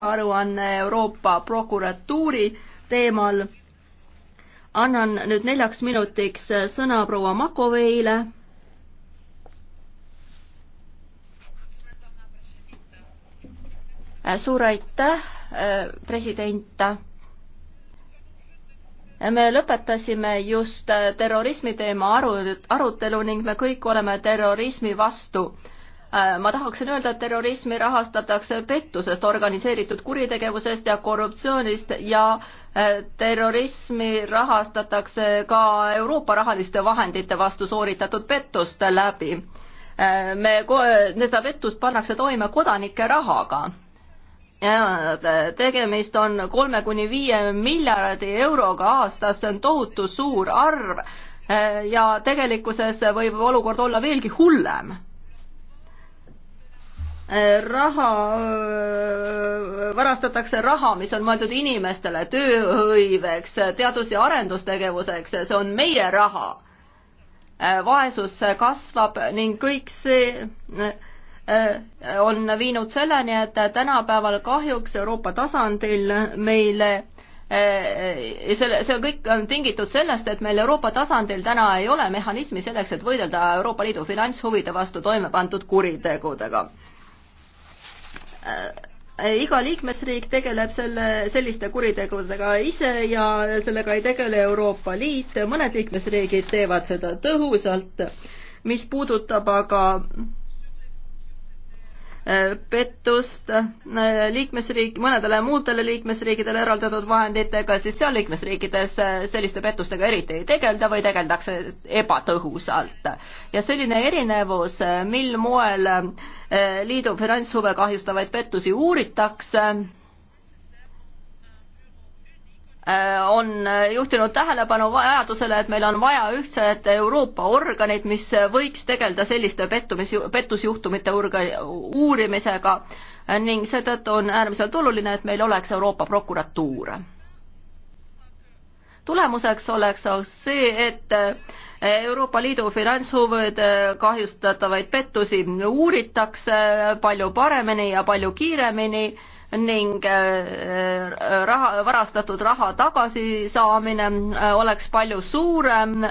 aruanne Euroopa prokuratuuri teemal. annan nüüd neljaks minutiks sõna proua Makoveile. suur aitäh, president. me lõpetasime just terrorismi teema aru, arutelu ning me kõik oleme terrorismi vastu Äh, ma tahaksin öelda, et terrorismi rahastatakse pettusest, organiseeritud kuritegevusest ja korruptsioonist ja äh, terrorismi rahastatakse ka Euroopa rahaliste vahendite vastu sooritatud pettuste läbi. Äh, me, seda pettust pannakse toime kodanike rahaga. tegemist on kolme kuni viie miljardi euroga aastas, see on tohutu suur arv ja tegelikkuses võib olukord olla veelgi hullem raha, varastatakse raha, mis on mõeldud inimestele, tööhõiveks, teadus- ja arendustegevuseks, see on meie raha. vaesus kasvab ning kõik see on viinud selleni, et tänapäeval kahjuks Euroopa tasandil meile ja selle, see on kõik on tingitud sellest, et meil Euroopa tasandil täna ei ole mehhanismi selleks, et võidelda Euroopa Liidu finantshuvide vastu toime pandud kuritegudega Äh, äh, iga liikmesriik tegeleb selle, selliste kuritegudega ise ja sellega ei tegele Euroopa Liit, mõned liikmesriigid teevad seda tõhusalt, mis puudutab aga Äh, pettust äh, liikmesriik, mõnedele muudele liikmesriikidele eraldatud vahenditega, siis seal liikmesriikides äh, selliste pettustega eriti ei tegelda või tegeldakse ebatõhusalt. ja selline erinevus, mil moel liidu finantshuve kahjustavaid pettusi uuritakse, Äh, on äh, juhtinud tähelepanu vajadusele, et meil on vaja ühtset Euroopa organit, mis võiks tegeleda selliste pettumis, pettusjuhtumite urga, uurimisega ning seetõttu on äärmiselt oluline, et meil oleks Euroopa prokuratuur. tulemuseks oleks see, et äh, Euroopa Liidu finantshuvide kahjustatavaid pettusi uuritakse palju paremini ja palju kiiremini ning äh, äh, raha, varastatud raha tagasisaamine äh, oleks palju suurem.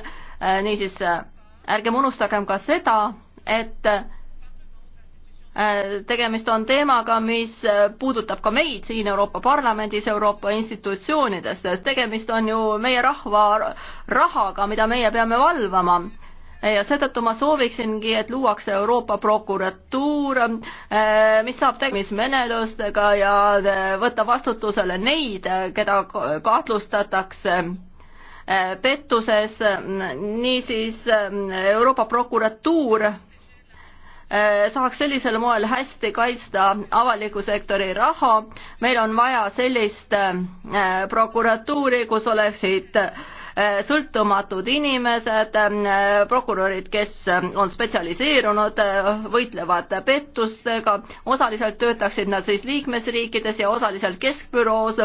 niisiis ärgem unustagem ka seda, et tegemist on teemaga, mis puudutab ka meid siin Euroopa Parlamendis, Euroopa institutsioonides, tegemist on ju meie rahva rahaga, mida meie peame valvama ja seetõttu ma sooviksingi, et luuakse Euroopa prokuratuur, eh, mis saab tegemismenetlustega ja eh, võtta vastutusele neid, keda kahtlustatakse eh, pettuses, niisiis Euroopa prokuratuur saaks sellisel moel hästi kaitsta avaliku sektori raha, meil on vaja sellist prokuratuuri, kus oleksid äh, Äh, sõltumatud inimesed, äh, prokurörid, kes äh, on spetsialiseerunud, võitlevad pettustega, osaliselt töötaksid nad siis liikmesriikides ja osaliselt keskbüroos,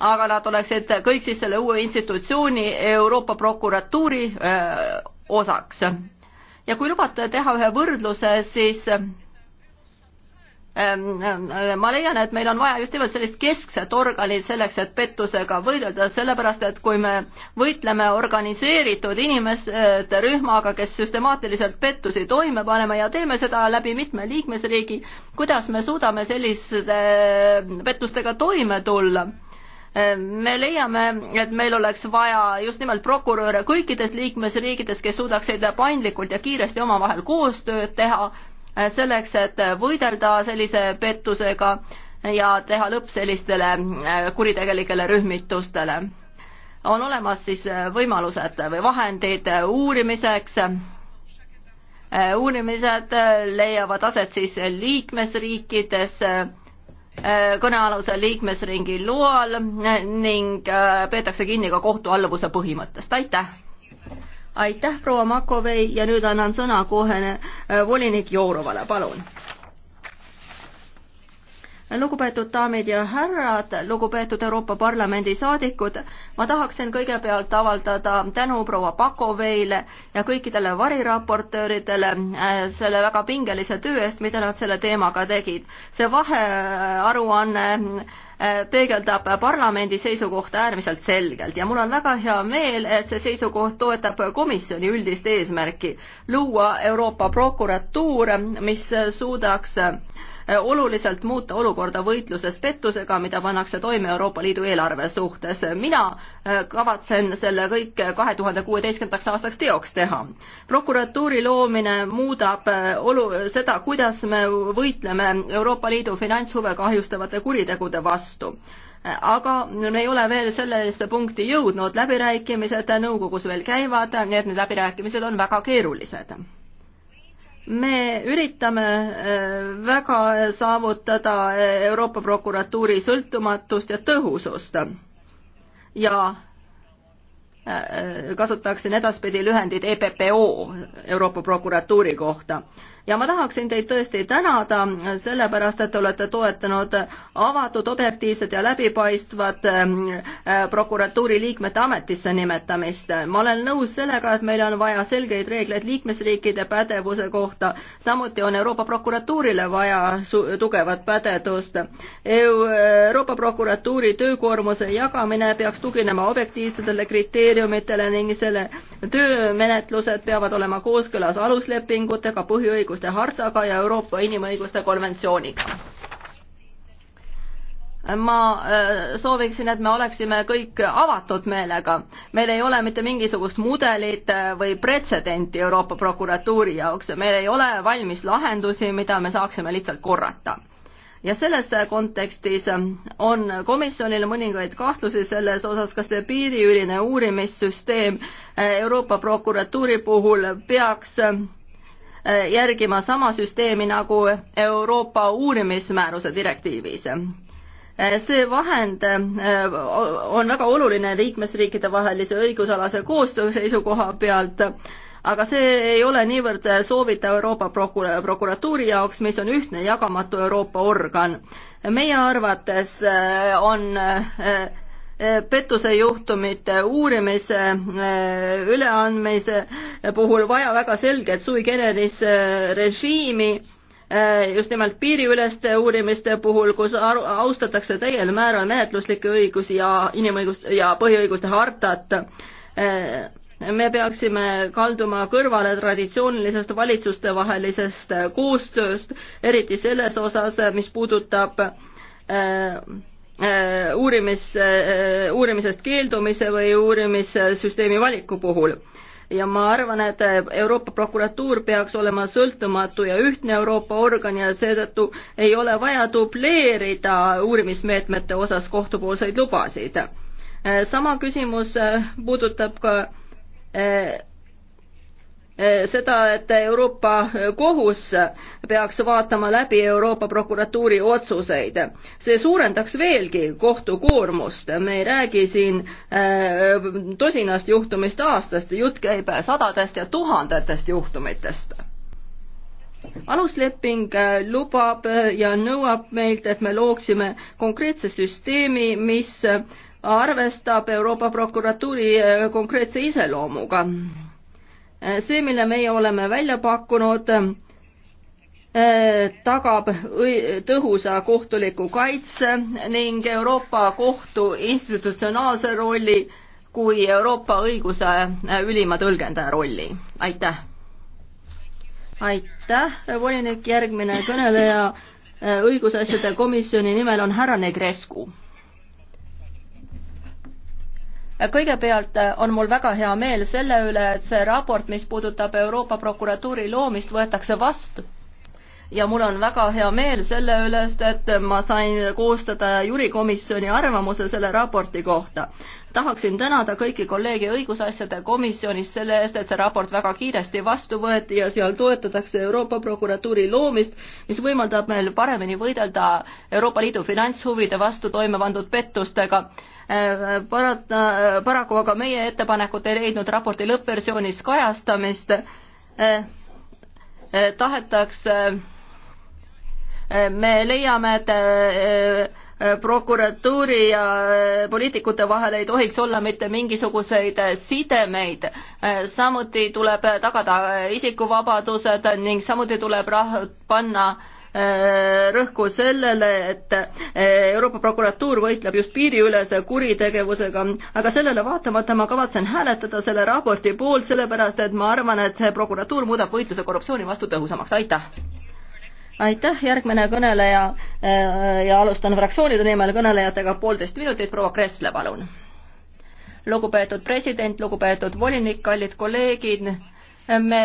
aga nad oleksid kõik siis selle uue institutsiooni, Euroopa prokuratuuri osaks. ja kui lubate teha ühe võrdluse, siis Ehm, ehm, ehm, ma leian, et meil on vaja just nimelt sellist keskset organi selleks, et pettusega võidelda, sellepärast et kui me võitleme organiseeritud inimeste rühmaga, kes süstemaatiliselt pettusi toime paneme ja teeme seda läbi mitme liikmesriigi, kuidas me suudame selliste pettustega toime tulla? me leiame, et meil oleks vaja just nimelt prokuröre kõikides liikmesriikides, kes suudaksid paindlikult ja kiiresti omavahel koostööd teha Äh, selleks, et võidelda sellise pettusega ja teha lõpp sellistele äh, kuritegelikele rühmitustele. on olemas siis äh, võimalused või vahendid uurimiseks, uurimised leiavad aset siis liikmesriikides, kõnealuse liikmesringi loal ning peetakse kinni ka kohtualluvuse põhimõttest, aitäh! aitäh, proua Makovei ja nüüd annan sõna kohe äh, volinik Jourovale, palun. lugupeetud daamid ja härrad, lugupeetud Euroopa Parlamendi saadikud, ma tahaksin kõigepealt avaldada tänu proua Pakoveile ja kõikidele variraportööridele äh, selle väga pingelise töö eest, mida nad selle teemaga tegid. see vahearuanne peegeldab parlamendi seisukohta äärmiselt selgelt ja mul on väga hea meel, et see seisukoht toetab komisjoni üldist eesmärki luua Euroopa prokuratuur, mis suudaks äh, Äh, oluliselt muuta olukorda võitluses pettusega, mida pannakse toime Euroopa Liidu eelarve suhtes. mina äh, kavatsen selle kõik kahe tuhande kuueteistkümnendaks aastaks teoks teha. prokuratuuri loomine muudab äh, olu, seda, kuidas me võitleme Euroopa Liidu finantshuve kahjustavate kuritegude vastu aga me ei ole veel sellesse punkti jõudnud, läbirääkimised nõukogus veel käivad, nii et need läbirääkimised on väga keerulised me üritame äh, väga saavutada äh, Euroopa prokuratuuri sõltumatust ja tõhusust ja äh, kasutaksin edaspidi lühendit EPPO Euroopa prokuratuuri kohta ja ma tahaksin teid tõesti tänada, sellepärast et te olete toetanud avatud, objektiivsed ja läbipaistvad ähm, äh, prokuratuuri liikmete ametisse nimetamist. ma olen nõus sellega, et meil on vaja selgeid reegleid liikmesriikide pädevuse kohta, samuti on Euroopa prokuratuurile vaja tugevat pädevust. Äh, Euroopa prokuratuuri töökoormuse jagamine peaks tuginema objektiivsetele kriteeriumitele ning selle töömenetlused peavad olema kooskõlas aluslepingutega, põhiõigustega, põhiõiguste hartaga ja Euroopa inimõiguste konventsiooniga. ma äh, sooviksin, et me oleksime kõik avatud meelega. meil ei ole mitte mingisugust mudelit äh, või pretsedenti Euroopa prokuratuuri jaoks ja meil ei ole valmis lahendusi, mida me saaksime lihtsalt korrata ja selles kontekstis äh, on komisjonil mõningaid kahtlusi selles osas, kas see piiriüline uurimissüsteem Euroopa prokuratuuri puhul peaks Eh, järgima sama süsteemi nagu Euroopa uurimismääruse direktiivis. Eh, see vahend eh, on väga oluline liikmesriikide vahelise õigusalase koostöö seisukoha pealt, aga see ei ole niivõrd soovitav Euroopa prokura-, prokuratuuri jaoks, mis on ühtne jagamatu Euroopa organ. meie arvates on pettusejuhtumite uurimise äh, üleandmise puhul vaja väga selget sui generis äh, režiimi, äh, just nimelt piiriüleste uurimiste puhul, kus austatakse täiel määral menetluslikke õigusi ja inimõiguste ja põhiõiguste hartat me peaksime kalduma kõrvale traditsioonilisest valitsustevahelisest koostööst, eriti selles osas, mis puudutab äh, Äh, uurimis, äh, uurimisest keeldumise või uurimissüsteemi valiku puhul. ja ma arvan, et Euroopa prokuratuur peaks olema sõltumatu ja ühtne Euroopa organ ja seetõttu ei ole vaja dubleerida uurimismeetmete osas kohtupoolseid lubasid. Äh, sama küsimus puudutab ka Eh, seda, et Euroopa eh, Kohus eh, peaks vaatama läbi Euroopa prokuratuuri otsuseid. see suurendaks veelgi kohtu koormust, me ei räägi siin tosinast juhtumist aastast, jutt käib sadadest ja tuhandetest juhtumitest alusleping lubab ja nõuab meilt, et me looksime konkreetse süsteemi, mis arvestab Euroopa prokuratuuri konkreetse iseloomuga Äh, see, mille meie oleme välja pakkunud, äh, tagab tõhusa kohtuliku kaitse ning Euroopa Kohtu institutsionaalse rolli kui Euroopa õiguse äh, ülima tõlgendaja rolli. aitäh! aitäh, volinik, järgmine kõneleja õigusasjade komisjoni nimel on härra Negrescu kõigepealt eh, on mul väga hea meel selle üle, et see raport, mis puudutab Euroopa prokuratuuri loomist, võetakse vastu ja mul on väga hea meel selle ülest, et ma sain koostada jurikomisjoni arvamuse selle raporti kohta. tahaksin tänada kõiki kolleege õigusasjade komisjonis selle eest, et see raport väga kiiresti vastu võeti ja seal toetatakse Euroopa prokuratuuri loomist, mis võimaldab meil paremini võidelda Euroopa Liidu finantshuvide vastu toime pandud pettustega parata-, paraku aga meie ettepanekud ei leidnud raporti lõppversioonis kajastamist. tahetakse, me leiame, et eh, prokuratuuri ja poliitikute vahel ei tohiks olla mitte mingisuguseid sidemeid. samuti tuleb tagada isikuvabadused ning samuti tuleb rah-, panna äh, Äh, rõhku sellele, et äh, Euroopa prokuratuur võitleb just piiriülese kuritegevusega, aga sellele vaatamata ma kavatsen hääletada selle raporti poolt, sellepärast et ma arvan, et see prokuratuur muudab võitluse korruptsiooni vastu tõhusamaks, aitäh! aitäh, järgmine kõneleja äh, ja alustan fraktsioonide nimel kõnelejatega poolteist minutit, proua Kressle, palun lugupeetud president, lugupeetud volinik, kallid kolleegid, me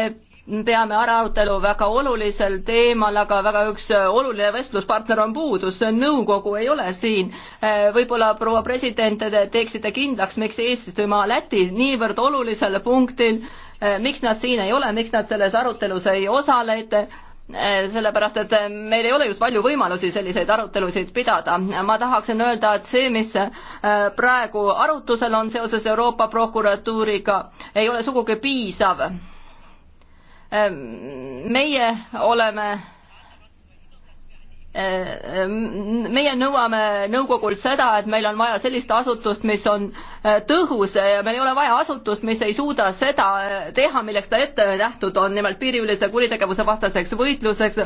peame ära arutelu väga olulisel teemal, aga väga üks äh, oluline vestluspartner on puudus, see on nõukogu, ei ole siin. Äh, võib-olla proua president, te teeksite kindlaks, miks eesistuja Läti niivõrd olulisel punktil, äh, miks nad siin ei ole, miks nad selles arutelus ei osale, et sellepärast, et meil ei ole just palju võimalusi selliseid arutelusid pidada. ma tahaksin öelda, et see, mis praegu arutusel on seoses Euroopa prokuratuuriga, ei ole sugugi piisav Ehm, meie oleme ehm, meie nõuame nõukogult seda, et meil on vaja sellist asutust, mis on eh, tõhus ja meil ei ole vaja asutust, mis ei suuda seda eh, teha, milleks ta ette nähtud on, nimelt piiriülese kuritegevuse vastaseks võitluseks.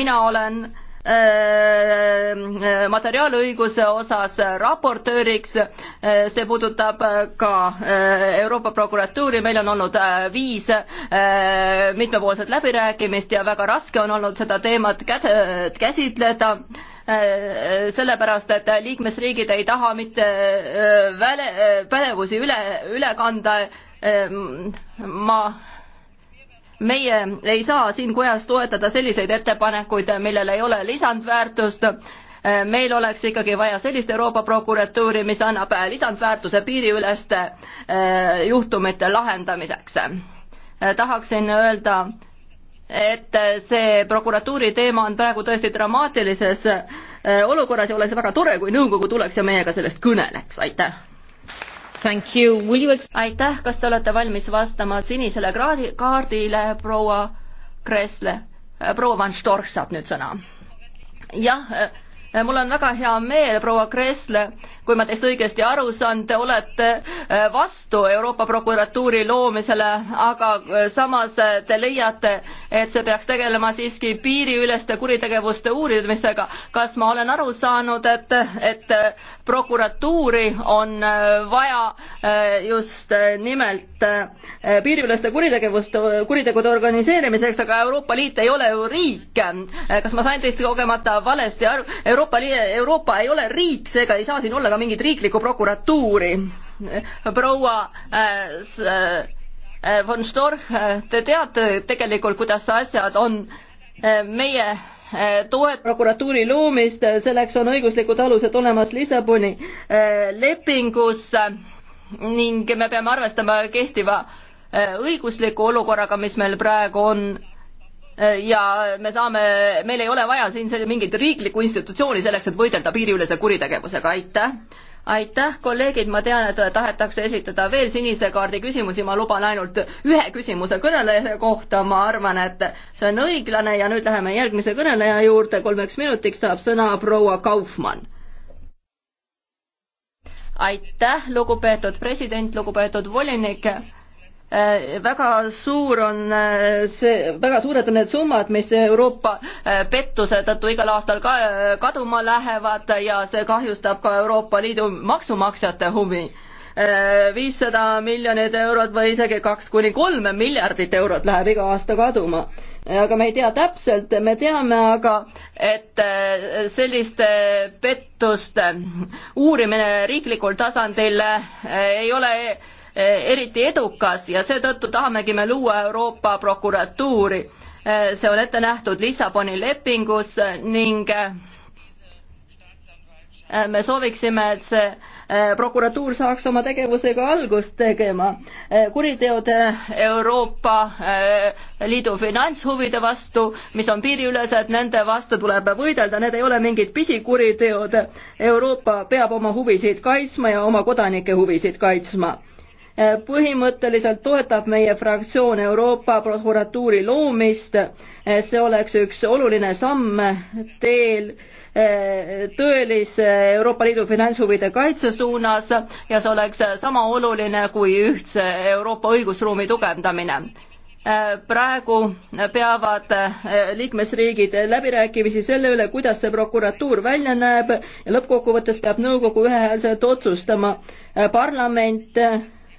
mina olen äh, Äh, äh, materiaalõiguse osas raportööriks, äh, see puudutab ka Euroopa prokuratuuri, meil on olnud viis mitmepoolset läbirääkimist ja väga raske on olnud seda teemat käd-, käsitleda sellepärast, et liikmesriigid ei taha mitte väle, pädevusi üle, üle kanda. ma meie ei saa siin kojas toetada selliseid ettepanekuid, millel ei ole lisandväärtust. meil oleks ikkagi vaja sellist Euroopa prokuratuuri, mis annab lisandväärtuse piiriüleste eh, juhtumite lahendamiseks. tahaksin öelda, et see prokuratuuri teema on praegu tõesti dramaatilises eh, olukorras ja oleks väga tore, kui nõukogu tuleks ja meiega sellest kõneleks, aitäh You... aitäh, kas te olete valmis vastama sinisele kraadi, kaardile, proua Kressle? proua Van Storch saab nüüd sõna. jah Äh, mul on väga hea meel, proua Kressle, kui ma teist õigesti aru saan, te olete äh, vastu Euroopa prokuratuuri loomisele, aga äh, samas te leiate, et see peaks tegelema siiski piiriüleste kuritegevuste uurimisega. kas ma olen aru saanud, et, et prokuratuuri on vaja just nimelt piiriüleste kuritegevuste, kuritegude organiseerimiseks, aga Euroopa Liit ei ole ju riik. kas ma sain teist kogemata valesti aru? Euroopa, Euroopa ei ole riik, seega ei saa siin olla ka mingit riiklikku prokuratuuri. proua äh, äh, von Storch, äh, te teate tegelikult, kuidas asjad on äh,. meie äh, toet prokuratuuri loomist, äh, selleks on õiguslikud alused olemas Lissaboni lepingus ning me peame arvestama kehtiva õigusliku olukorraga, mis meil praegu on ja me saame, meil ei ole vaja siin mingit riiklikku institutsiooni selleks, et võidelda piiriülese kuritegevusega, aitäh. aitäh, kolleegid, ma tean, et tahetakse esitada veel sinise kaardi küsimusi, ma luban ainult ühe küsimuse kõneleja kohta, ma arvan, et see on õiglane ja nüüd läheme järgmise kõneleja juurde, kolmeks minutiks saab sõna proua Kaufmann aitäh, lugupeetud president, lugupeetud volinik Äh, väga suur on äh, see, väga suured on need summad, mis Euroopa äh, pettuse tõttu igal aastal ka kaduma lähevad ja see kahjustab ka Euroopa Liidu maksumaksjate huvi. viissada miljonit eurot või isegi kaks kuni kolm miljardit eurot läheb iga aasta kaduma aga me ei tea täpselt, me teame aga, et selliste pettuste uurimine riiklikul tasandil ei ole Eh, eriti edukas ja seetõttu tahamegi me luua Euroopa prokuratuuri. Eh, see on ette nähtud Lissaboni lepingus eh, ning me sooviksime, et see prokuratuur saaks oma tegevusega algust tegema. kuriteod Euroopa Liidu finantshuvide vastu, mis on piiriülesed, nende vastu tuleb võidelda, need ei ole mingid pisikuriteod. Euroopa peab oma huvisid kaitsma ja oma kodanike huvisid kaitsma põhimõtteliselt toetab meie fraktsioon Euroopa prokuratuuri loomist. see oleks üks oluline samm teel eh, tõelise Euroopa Liidu finantshuvide kaitse suunas ja see oleks sama oluline kui ühtse Euroopa õigusruumi tugevdamine eh, praegu peavad eh, liikmesriigid läbirääkimisi selle üle, kuidas see prokuratuur välja näeb ja lõppkokkuvõttes peab nõukogu ühehäälselt otsustama. parlament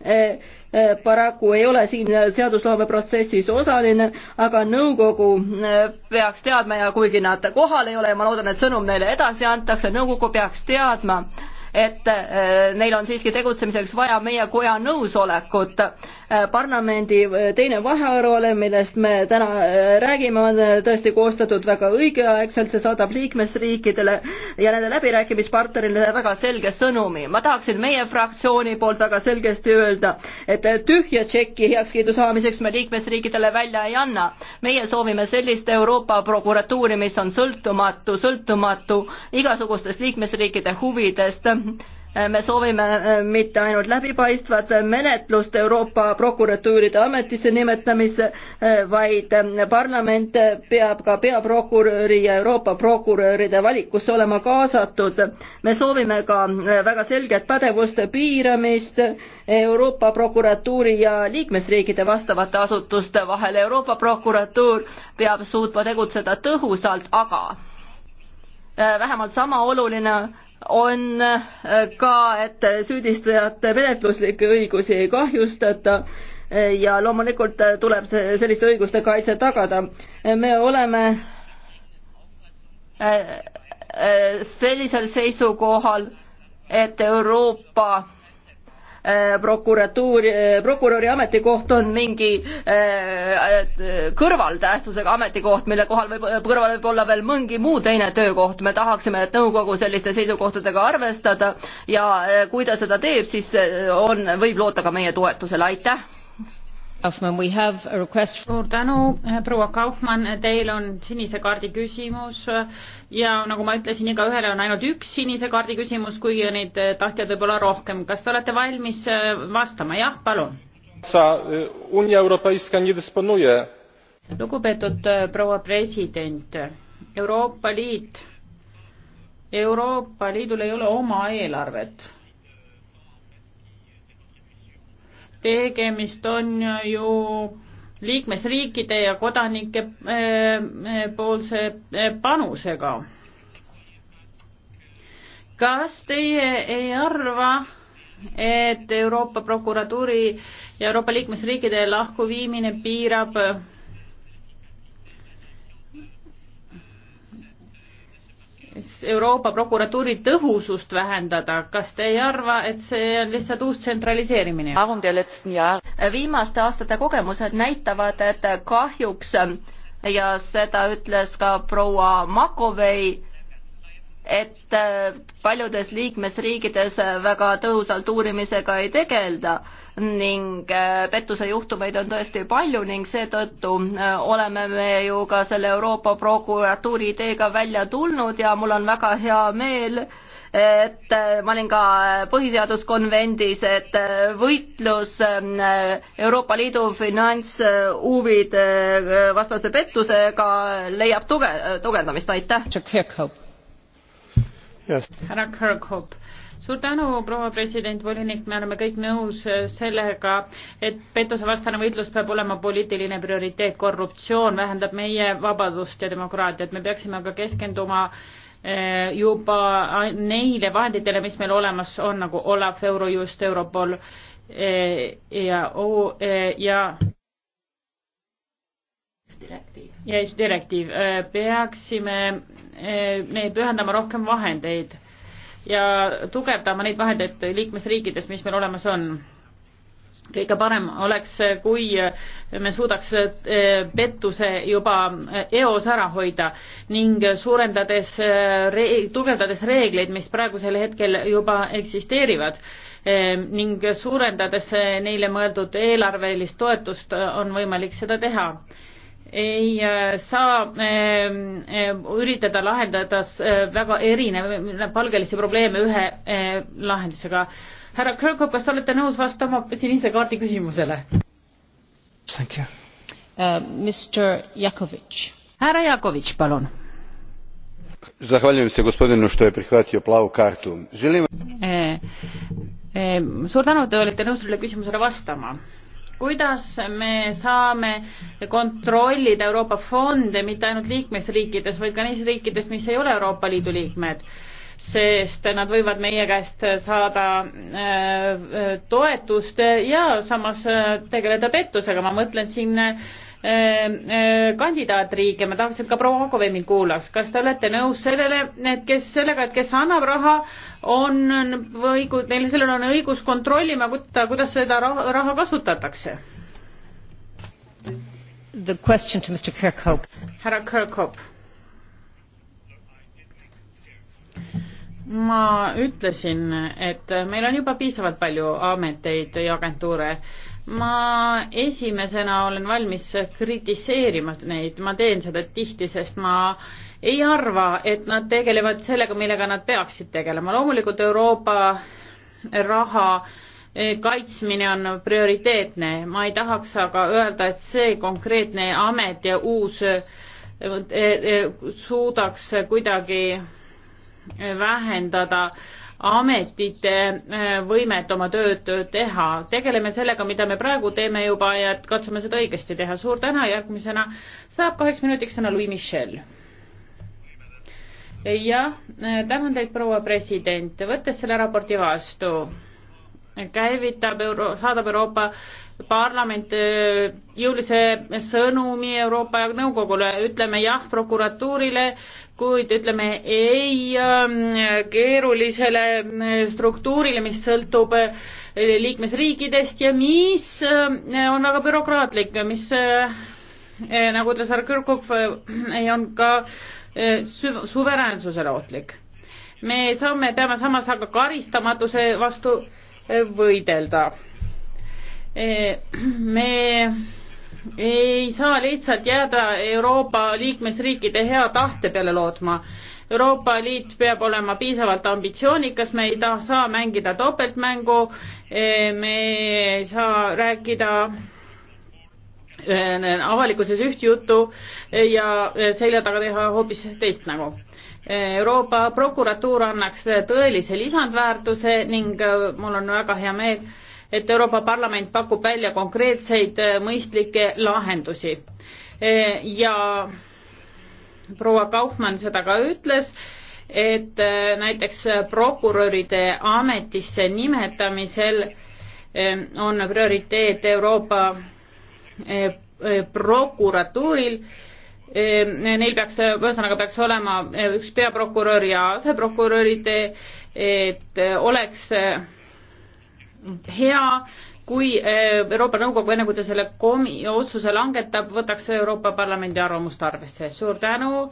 E, e, paraku ei ole siin seadusloome protsessis osaline, aga nõukogu e, peaks teadma ja kuigi nad kohal ei ole ja ma loodan, et sõnum neile edasi antakse, nõukogu peaks teadma, et neil on siiski tegutsemiseks vaja meie koja nõusolekut Äh, parlamendi äh, teine vahearuanne, millest me täna äh, räägime, on tõesti koostatud väga õigeaegselt, see saadab liikmesriikidele ja nende läbirääkimispartnerile väga selge sõnumi. ma tahaksin meie fraktsiooni poolt väga selgesti öelda, et tühja tšeki heakskiidu saamiseks me liikmesriikidele välja ei anna. meie soovime sellist Euroopa prokuratuuri, mis on sõltumatu, sõltumatu igasugustest liikmesriikide huvidest Äh, me soovime äh, mitte ainult läbipaistvat äh, menetlust Euroopa prokuratuuride ametisse nimetamisse, vaid parlament peab ka peaprokuröri ja Euroopa prokuröride valikusse olema kaasatud. me soovime ka väga selget pädevuste piiramist Euroopa prokuratuuri ja liikmesriikide vastavate asutuste vahel. Euroopa prokuratuur peab suutma tegutseda tõhusalt, aga vähemalt sama oluline on äh, ka, et süüdistajate menetluslikke õigusi ei kahjustata äh, ja loomulikult äh, tuleb selliste õiguste kaitse tagada. me oleme sellisel seisukohal, et Euroopa Äh, prokuratuuri, äh, prokuröri ametikoht on mingi äh, kõrvaltähtsusega ametikoht, mille kohal võib, kõrval võib olla veel mõngi muu teine töökoht, me tahaksime, et nõukogu selliste seisukohtadega arvestada ja kui ta seda teeb, siis on, võib loota ka meie toetusele, aitäh! suur tänu äh, proua kaufmann teil on sinise kaardi küsimus äh, ja nagu ma ütlesin igaühele on ainult üks sinise kaardi küsimus kuigi neid äh, tahtjaid võib olla rohkem kas te olete valmis vastama jah palun lugupeetud proua president euroopa liit euroopa liidul ei ole oma eelarvet tegemist on ju liikmesriikide ja kodanike äh, äh, poolse äh, panusega. kas teie ei arva, et Euroopa prokuratuuri ja Euroopa liikmesriikide lahkuviimine piirab Euroopa prokuratuuri tõhusust vähendada, kas te ei arva, et see on lihtsalt uus tsentraliseerimine? viimaste aastate kogemused näitavad, et kahjuks ja seda ütles ka proua Makovei, et äh, paljudes liikmesriikides äh, väga tõhusalt uurimisega ei tegelda ning äh, pettusejuhtumeid on tõesti palju ning seetõttu oleme me ju ka selle Euroopa prokuratuuri ideega välja tulnud ja mul on väga hea meel, et ma olin ka põhiseaduskonvendis, et võitlus Euroopa Liidu finantshuvide vastase pettusega leiab tuge, tugevdamist, aitäh! härra Kirkhope suur tänu, proua president, volinik, me oleme kõik nõus äh, sellega, et pettusevastane võitlus peab olema poliitiline prioriteet, korruptsioon vähendab meie vabadust ja demokraatiat, me peaksime aga keskenduma äh, juba neile vahenditele, mis meil olemas on, nagu Olav, Eurojust, Europol äh, ja, ja direktiiv. ja direktiiv, peaksime Eh, me pühendama rohkem vahendeid ja tugevdama neid vahendeid liikmesriikides, mis meil olemas on. kõige parem oleks, kui me suudaks eh, pettuse juba eh, eos ära hoida ning suurendades, tugevdades reegleid, mis praegusel hetkel juba eksisteerivad ning suurendades neile mõeldud eelarvelist toetust, on võimalik seda teha ei äh, saa ähm, äh, üritada lahendada äh, väga erinevapalgelisi probleeme ühe lahendusega. härra Krõkov, kas te olete nõus vastama sinise kaardi küsimusele? härra Jakovitš, palun. Zahvaljujem se gospodinu što je prihvatio plavu kartu. Želim... suur tänu, te olete nõus sellele küsimusele vastama kuidas me saame kontrollida Euroopa fonde mitte ainult liikmesriikides, vaid ka neis riikides, mis ei ole Euroopa Liidu liikmed, sest nad võivad meie käest saada äh, toetust ja samas äh, tegeleda pettusega, ma mõtlen siin äh, Äh, äh, kandidaatriike, ma tahaks, et ka proua Makove mind kuulaks, kas te olete nõus sellele, et kes sellega, et kes annab raha, on õigus, neil sellel on õigus kontrollima, kuidas seda raha, raha kasutatakse? The question to Mr Kirkhope. härra Kirkhope. ma ütlesin, et meil on juba piisavalt palju ameteid ja agentuure ma esimesena olen valmis kritiseerima neid, ma teen seda tihti, sest ma ei arva, et nad tegelevad sellega, millega nad peaksid tegelema, loomulikult Euroopa raha eh, kaitsmine on prioriteetne, ma ei tahaks aga öelda, et see konkreetne amet ja uus eh, eh, suudaks kuidagi vähendada äh, ametite äh, võimet oma tööd teha. tegeleme sellega, mida me praegu teeme juba ja katsume seda õigesti teha. suur tänu, järgmisena saab kaheks minutiks sõna Louis Michel. jah, äh, tänan teid, proua president, võttes selle raporti vastu, käivitab euro, saadab Euroopa parlament äh, jõulise sõnumi Euroopa Nõukogule, ütleme jah prokuratuurile, kuid ütleme ei ähm, keerulisele mm, struktuurile, mis sõltub äh, liikmesriikidest ja mis ähm, on väga bürokraatlik, mis äh, äh, nagu ütles härra Kõrkov, on ka suveräänsusele ohtlik. me saame, peame samas aga karistamatuse vastu võidelda. me ei saa lihtsalt jääda Euroopa liikmesriikide hea tahte peale lootma. Euroopa Liit peab olema piisavalt ambitsioonikas, me ei taha, saa mängida topeltmängu, eh, me ei saa rääkida eh, avalikkuses üht juttu eh, ja selja taga teha hoopis teist nägu Euroopa prokuratuur annaks tõelise lisandväärtuse ning mul on väga hea meel, et Euroopa Parlament pakub välja konkreetseid äh, mõistlikke lahendusi. Äh, ja proua Kaufmann seda ka ütles, et äh, näiteks prokuröride ametisse nimetamisel on prioriteet Euroopa prokuratuuril neil peaks, ühesõnaga peaks olema üks peaprokurör ja aseprokurörid, et oleks hea, kui äh, Euroopa Nõukogu, enne kui ta selle komi-, otsuse langetab, võtaks Euroopa Parlamendi arvamust arvesse. suur tänu,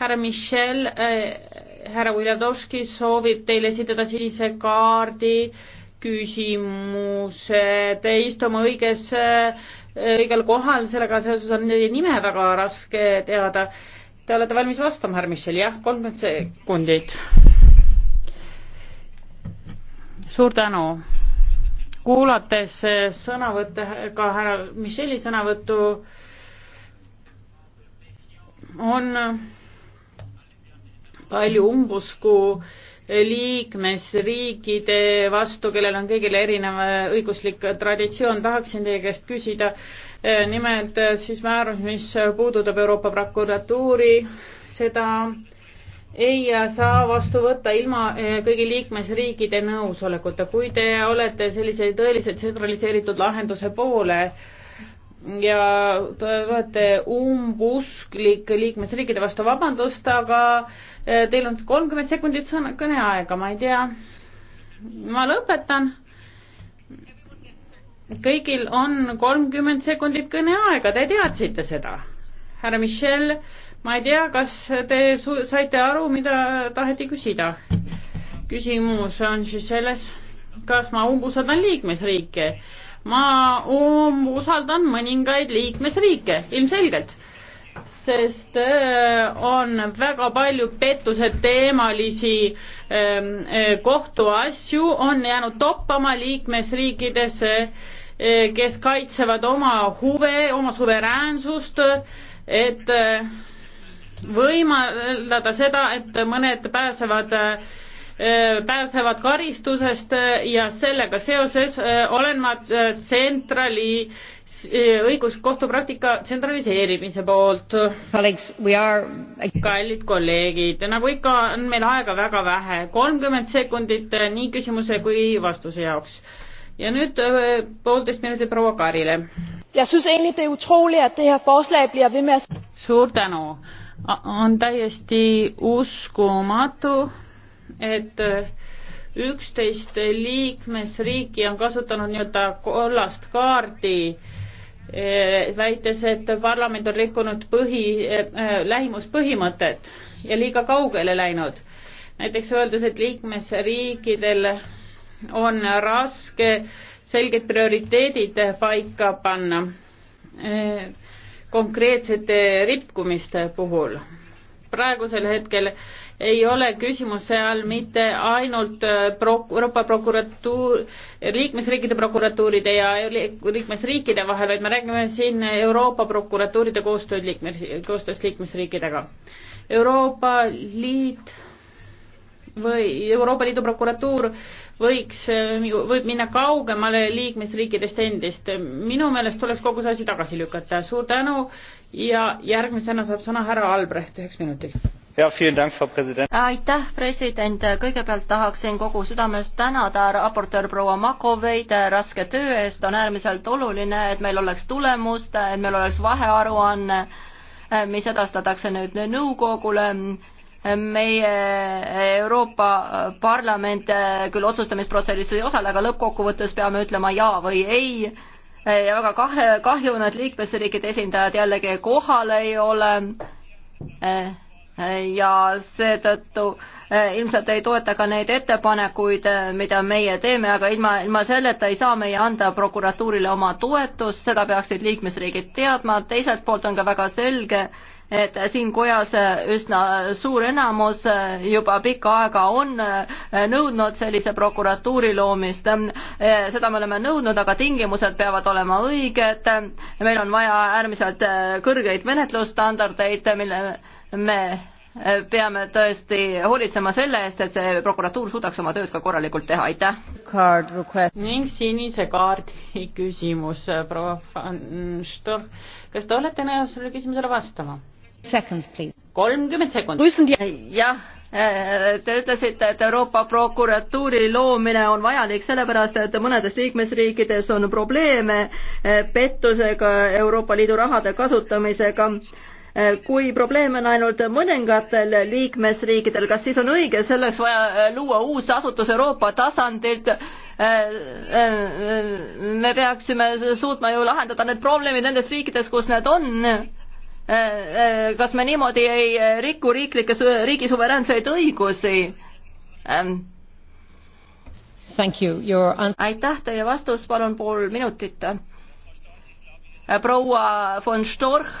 härra Michel äh,, härra Uljadovski soovib teile esitada sinise kaardi küsimuse, te istu oma õiges äh,, õigel kohal, sellega seoses on teie nime väga raske teada. Te olete valmis vastama, härra Michel, jah, kolmkümmend sekundit. suur tänu kuulates sõnavõtte, ka härra Micheli sõnavõttu, on palju umbusku liikmesriikide vastu, kellel on kõigil erinev õiguslik traditsioon, tahaksin teie käest küsida eh, nimelt siis määrus, mis puudutab Euroopa prokuratuuri, seda ei saa vastu võtta ilma eh, kõigi liikmesriikide nõusolekuta. kui te olete sellise tõeliselt tsentraliseeritud lahenduse poole ja te olete umbusklik liikmesriikide vastu, vabandust, aga eh, teil on kolmkümmend sekundit sõna, kõneaega, ma ei tea. ma lõpetan. kõigil on kolmkümmend sekundit kõneaega, te teadsite seda. härra Michel ma ei tea, kas te saite aru, mida taheti küsida? küsimus on siis selles, kas ma umbusaldan liikmesriike. ma umbusaldan mõningaid liikmesriike, ilmselgelt, sest äh, on väga palju pettuse teemalisi ähm, äh, kohtuasju, on jäänud toppama liikmesriikidesse, äh, kes kaitsevad oma huve, oma suveräänsust, et äh, võimaldada seda, et mõned pääsevad äh, pääsevad karistusest äh, ja sellega seoses äh, olen ma tsentrali õiguskohtupraktika tsentraliseerimise poolt. kallid kolleegid, nagu ikka, on meil aega väga vähe, kolmkümmend sekundit nii küsimuse kui vastuse jaoks. ja nüüd poolteist minutit proua Karile. Er suur tänu on täiesti uskumatu, et üksteist liikmesriiki on kasutanud nii-öelda kollast kaardi, eh, väites, et parlament on rikkunud põhi äh,, lähimuspõhimõtet ja liiga kaugele läinud. näiteks öeldes, et liikmesriikidel on raske selged prioriteedid paika panna äh, konkreetsete rikkumiste puhul. praegusel hetkel ei ole küsimus seal mitte ainult äh, prok-, Euroopa prokuratuur, liikmesriikide prokuratuuride ja liikmesriikide vahel, vaid me räägime siin Euroopa prokuratuuride koostööd liikmes, koostööst liikmesriikidega. Euroopa Liit või Euroopa Liidu prokuratuur võiks, äh, võib minna kaugemale liikmesriikidest endist. minu meelest tuleks kogu see asi tagasi lükata. suur tänu ja järgmisena saab sõna härra Albrecht üheks minutiks. aitäh, president. kõigepealt tahaksin kogu südamest tänada raportöör proua Makoveid raske töö eest. on äärmiselt oluline, et meil oleks tulemust, et meil oleks vahearuanne mis edastatakse nüüd nõukogule meie eh, Euroopa eh, Parlament eh, küll otsustamisprotsessis ei osale, aga lõppkokkuvõttes peame ütlema jaa või ei. ja väga kahe, kahju, et liikmesriikide esindajad jällegi kohal ei ole. ja seetõttu ilmselt ei toeta ka neid ettepanekuid, mida meie teeme, aga ilma, ilma selleta ei saa meie anda prokuratuurile oma toetust, seda peaksid liikmesriigid teadma, teiselt poolt on ka väga selge, et siin kojas äh, üsna äh, suur enamus äh, juba pikka aega on nõudnud sellise prokuratuuri loomist. seda me oleme nõudnud, aga tingimused peavad olema õiged. meil on vaja äärmiselt kõrgeid menetlusstandardeid, mille me peame tõesti hoolitsema selle eest, et see prokuratuur suudaks oma tööd ka korralikult teha, aitäh. ning sinise kaardi küsimus, proua Van Stor, kas te olete nõus sellele küsimusele vastama? kolmkümmend sekundit. jah, eh, te ütlesite, et Euroopa prokuratuuri loomine on vajalik sellepärast, et mõnedes liikmesriikides on probleeme eh, pettusega, Euroopa Liidu rahade kasutamisega eh, kui probleem on ainult mõningatel liikmesriikidel, kas siis on õige selleks vaja luua uus asutus Euroopa tasandilt? me peaksime suutma ju lahendada need probleemid nendes riikides, kus need on Äh, äh, kas me niimoodi ei äh, riku riiklikke, riigi suveräänseid õigusi? Ähm. You. aitäh, teie vastus, palun pool minutit. proua von Storch,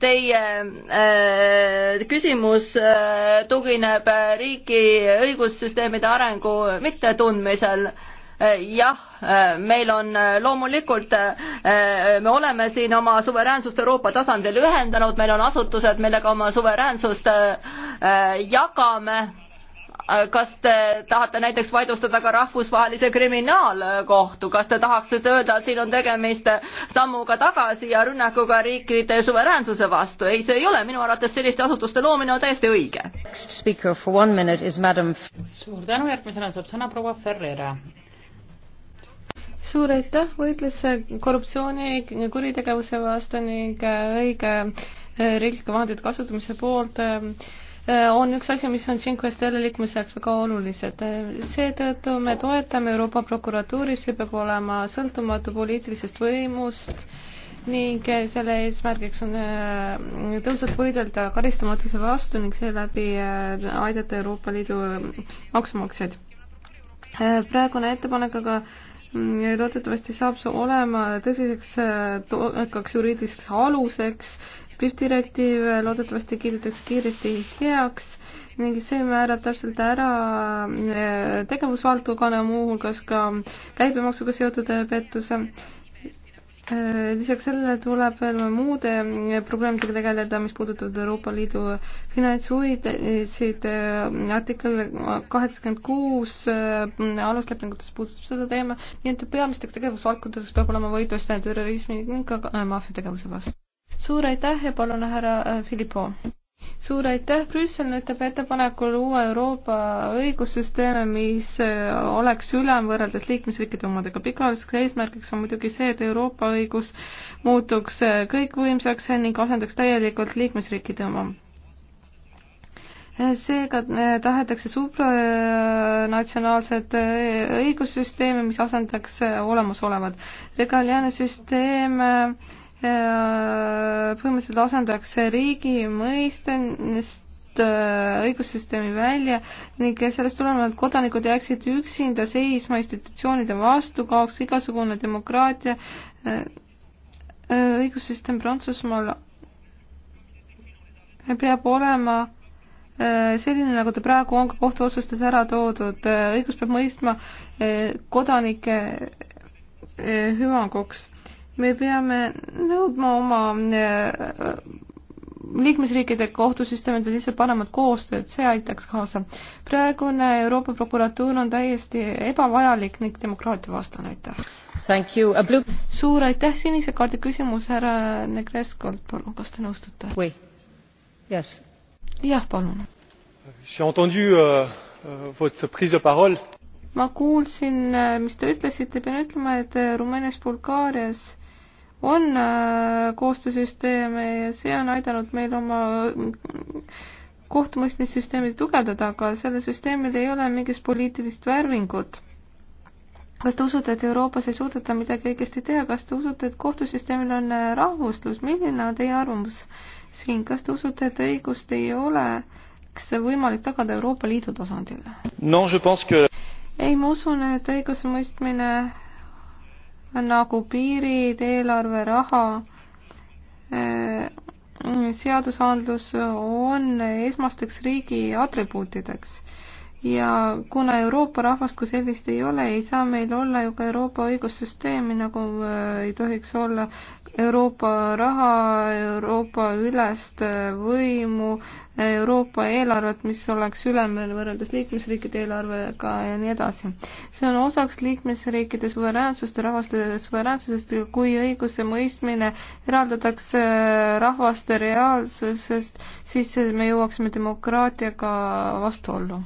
teie äh, küsimus äh, tugineb riigi õigussüsteemide arengu mittetundmisel äh, Eh, jah, eh, meil on eh, loomulikult, me oleme siin oma suveräänsust Euroopa tasandil ühendanud, meil on asutused, millega oma suveräänsust jagame kas te tahate näiteks vaidlustada ka rahvusvahelise kriminaalkohtu, kas te tahaksite öelda, et siin on tegemist sammuga tagasi ja rünnakuga riikide suveräänsuse vastu? ei, see ei ole, minu arvates selliste asutuste loomine on täiesti õige. suur tänu, järgmisena saab sõna proua Ferreira suur aitäh, võitlus korruptsiooni ja kuritegevuse vastu ning äh, õige äh, riiklike vahendite kasutamise poolt äh, on üks asi, mis on Cinque Stelle liikmese jaoks väga olulised. seetõttu me toetame Euroopa prokuratuuri, see peab olema sõltumatu poliitilisest võimust ning selle eesmärgiks on tõhusalt võidelda karistamatuse vastu ning seeläbi aidata Euroopa Liidu maksumaksjaid. praegune ettepanek aga loodetavasti saab see olema tõsiseks äh, toekaks juriidiliseks aluseks. PIF direktiiv äh, loodetavasti kiidetakse kiiresti heaks ning see määrab täpselt ära äh, tegevusvaldkonna, muuhulgas ka käibemaksuga seotud pettuse Äh, lisaks sellele tuleb veel muude äh, probleemidega tegeleda, mis puudutavad Euroopa Liidu finantshuvisid. Äh, artikkel kaheksakümmend kuus aluslepingutes puudutab seda teema, nii et peamisteks tegevusvaldkondadeks peab olema võitlus terrorismi ning ka maffia tegevuse vastu. suur aitäh ja palun härra Filippo suur aitäh, Brüssel nüüd teeb ettepanekul uue Euroopa õigussüsteeme, mis äh, oleks ülem võrreldes liikmesriikide omadega. pikaajaliseks eesmärgiks on muidugi see, et Euroopa õigus muutuks äh, kõikvõimsaks äh, ning asendaks täielikult liikmesriikide oma seega tahetakse supranatsionaalset õigussüsteemi, mis asendaks olemasolevat. regaliaane süsteem äh, Äh, põhimõtteliselt asendaks riigi mõistest äh, õigussüsteemi välja ning sellest tulenevalt kodanikud jääksid üksinda seisma institutsioonide vastu, kaoks igasugune demokraatia. Äh, õigussüsteem Prantsusmaal peab olema selline, nagu ta praegu on ka kohtuotsustes ära toodud, õigus peab mõistma kodanike hüvanguks me peame nõudma oma äh, liikmesriikide kohtusüsteemidel lihtsalt paremat koostööd, see aitaks kaasa. praegune Euroopa prokuratuur on täiesti ebavajalik ning demokraatia vastane, aitäh. suur aitäh, sinise kaardi küsimus härra Negreskolt, palun, kas te nõustute? Yes. jah, palun. Euh, euh, ma kuulsin, äh, mis te ütlesite, pean ütlema, et äh, Rumeenias, Bulgaarias on äh, koostöösüsteeme ja see on aidanud meil oma kohtumõistmissüsteemi tugevdada, aga sellel süsteemil ei ole mingit poliitilist värvingut kas te usute, et Euroopas ei suudeta midagi õigesti teha, kas te usute, et kohtusüsteemil on äh, rahvuslus, milline on teie arvamus siin, kas te usute, et õigust ei oleks võimalik tagada Euroopa Liidu tasandil no,? Que... ei, ma usun, et õigusemõistmine nagu piirid, eelarve, raha, eh, seadusandlus on esmasteks riigi atribuutideks ja kuna Euroopa rahvast kui sellist ei ole, ei saa meil olla ju ka Euroopa õigussüsteemi, nagu äh, ei tohiks olla Euroopa raha, Euroopa ülest äh, võimu, Euroopa eelarvet, mis oleks ülemel võrreldes liikmesriikide eelarvega ja nii edasi. see on osaks liikmesriikide suveräänsust ja rahvaste suveräänsusest, kui õiguse mõistmine eraldatakse äh, rahvaste reaalsusest, siis me jõuaksime demokraatiaga vastuollu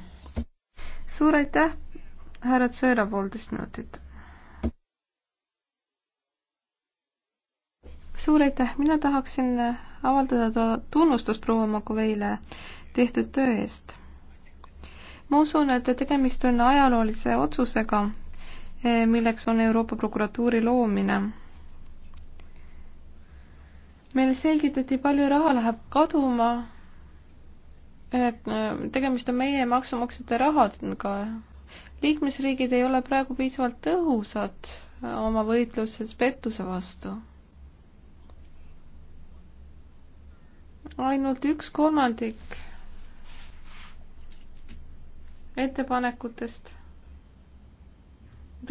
suur aitäh, härra Tsõera, poolteist minutit. suur aitäh, mina tahaksin avaldada tunnustust proua Makoveile tehtud töö eest. ma usun, et tegemist on ajaloolise otsusega, eh, milleks on Euroopa prokuratuuri loomine. meile selgitati, palju raha läheb kaduma Äh, tegemist on meie maksumaksjate rahadega. liikmesriigid ei ole praegu piisavalt tõhusad oma võitluses pettuse vastu. ainult üks kolmandik ettepanekutest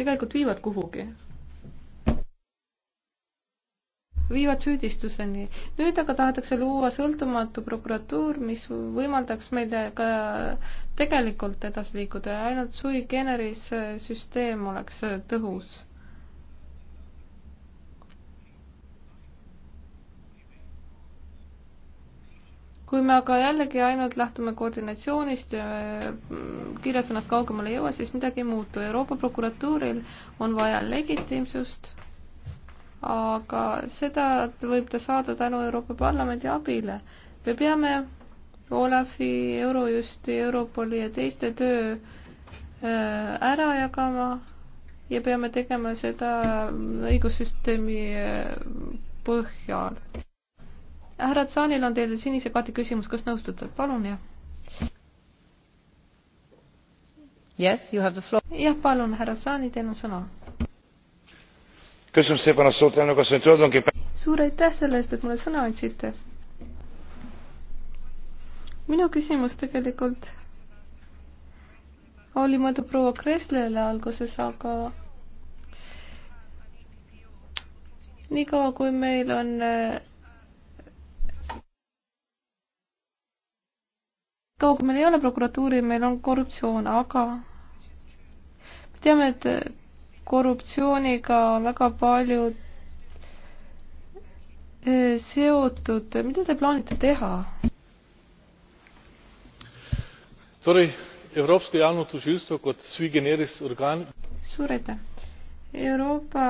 tegelikult viivad kuhugi viivad süüdistuseni. nüüd aga tahetakse luua sõltumatu prokuratuur, mis võimaldaks meil ka tegelikult edasi liikuda ja ainult sui generis süsteem oleks tõhus. kui me aga jällegi ainult lähtume koordinatsioonist ja mm, kirjasõnast kaugemale ei jõua, siis midagi ei muutu. Euroopa prokuratuuril on vaja legitiimsust aga seda võib ta saada tänu Euroopa Parlamendi abile. me peame Olafi, Eurojusti, Europoli ja teiste töö äh, ära jagama ja peame tegema seda õigussüsteemi äh, põhjal. härra Tsaanil on teile sinise kaardi küsimus, kas nõustute? palun, jah. Yes, you have the floor. jah, palun, härra Tsaani, teil on sõna suur aitäh selle eest, et mulle sõna andsite. minu küsimus tegelikult oli mõeldud proua Kreslele alguses, aga niikaua kui meil on kaua, kui meil ei ole prokuratuuri, meil on korruptsioon, aga me teame, et korruptsiooniga on väga palju eh, seotud, mida te plaanite teha? torej, Evropsko javno tožilstvo kot sui generis organ. suur aitäh. Euroopa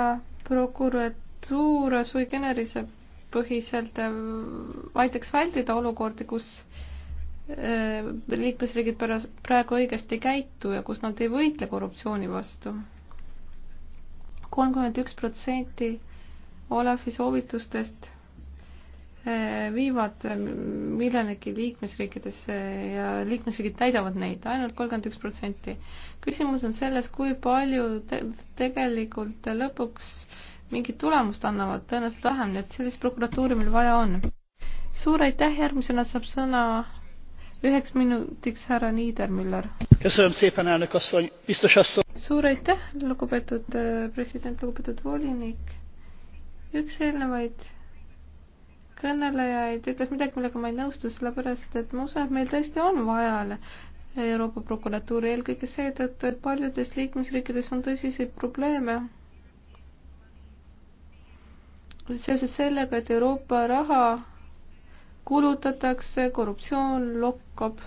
prokuratuur sui generise põhiselt eh, aitaks vältida olukordi, kus eh, liikmesriigid pärast praegu õigesti ei käitu ja kus nad ei võitle korruptsiooni vastu kolmkümmend üks protsenti Olavi soovitustest eh, viivad eh, millenegi liikmesriikidesse ja liikmesriigid täidavad neid ainult kolmkümmend üks protsenti. küsimus on selles, kui palju te tegelikult lõpuks mingit tulemust annavad, tõenäoliselt vähem, nii et sellist prokuratuuri meil vaja on. suur aitäh, järgmisena saab sõna üheks minutiks härra Niidermüller. suur aitäh, lugupeetud äh, president, lugupeetud volinik. üks eelnevaid kõnelejaid ütles midagi, millega ma ei nõustu, sellepärast et ma usun, et meil tõesti on vaja Euroopa prokuratuuri eelkõige seetõttu, et paljudes liikmesriikides on tõsiseid probleeme seoses sellega, et Euroopa raha kulutatakse, korruptsioon lokkab.